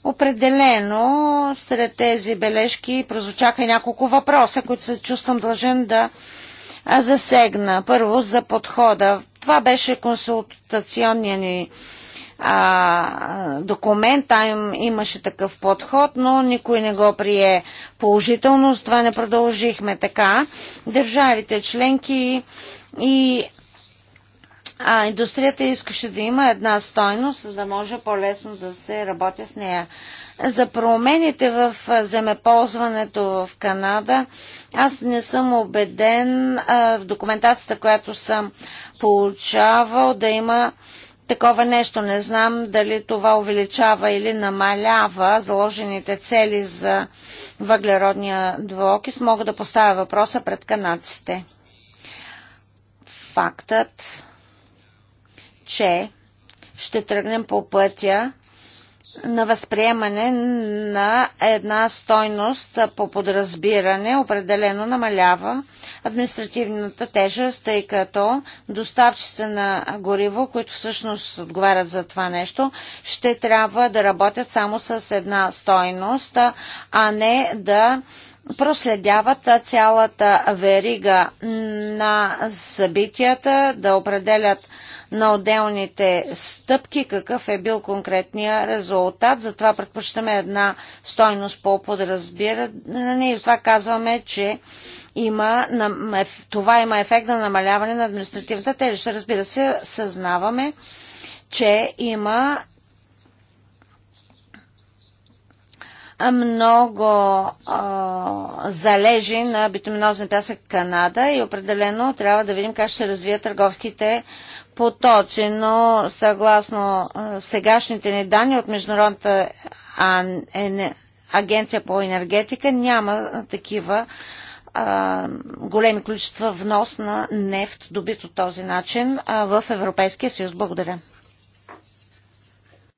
Определено сред тези бележки прозвучаха няколко въпроса, които се чувствам дължен да засегна. Първо за подхода. Това беше консултационния ни а, документ, там имаше такъв подход, но никой не го прие положително, с това не продължихме така. Държавите членки и а, индустрията искаше да има една стойност, за да може по-лесно да се работи с нея. За промените в земеползването в Канада, аз не съм убеден а, в документацията, която съм получавал, да има а, такова нещо. Не знам дали това увеличава или намалява заложените цели за въглеродния двуокис. Мога да поставя въпроса пред канадците. Фактът, че ще тръгнем по пътя на възприемане на една стойност по подразбиране определено намалява административната тежест, тъй като доставчиците на гориво, които всъщност отговарят за това нещо, ще трябва да работят само с една стойност, а не да проследяват цялата верига на събитията, да определят на отделните стъпки, какъв е бил конкретния резултат. Затова предпочитаме една стойност по подразбиране и затова казваме, че има, това има ефект на намаляване на административната тежест. Разбира се, съзнаваме, че има много а, залежи на битуминозен пясък Канада и определено трябва да видим как ще се развият търговските поточено съгласно сегашните ни данни от Международната агенция по енергетика няма такива големи количества внос на нефт, добит от този начин в Европейския съюз. Благодаря.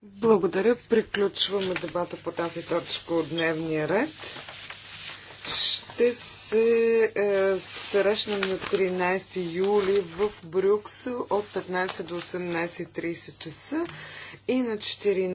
Благодаря. Приключваме дебата по тази точка от дневния ред. Ще се се е, срещнем на 13 юли в Брюксел от 15 до 18.30 часа и на 14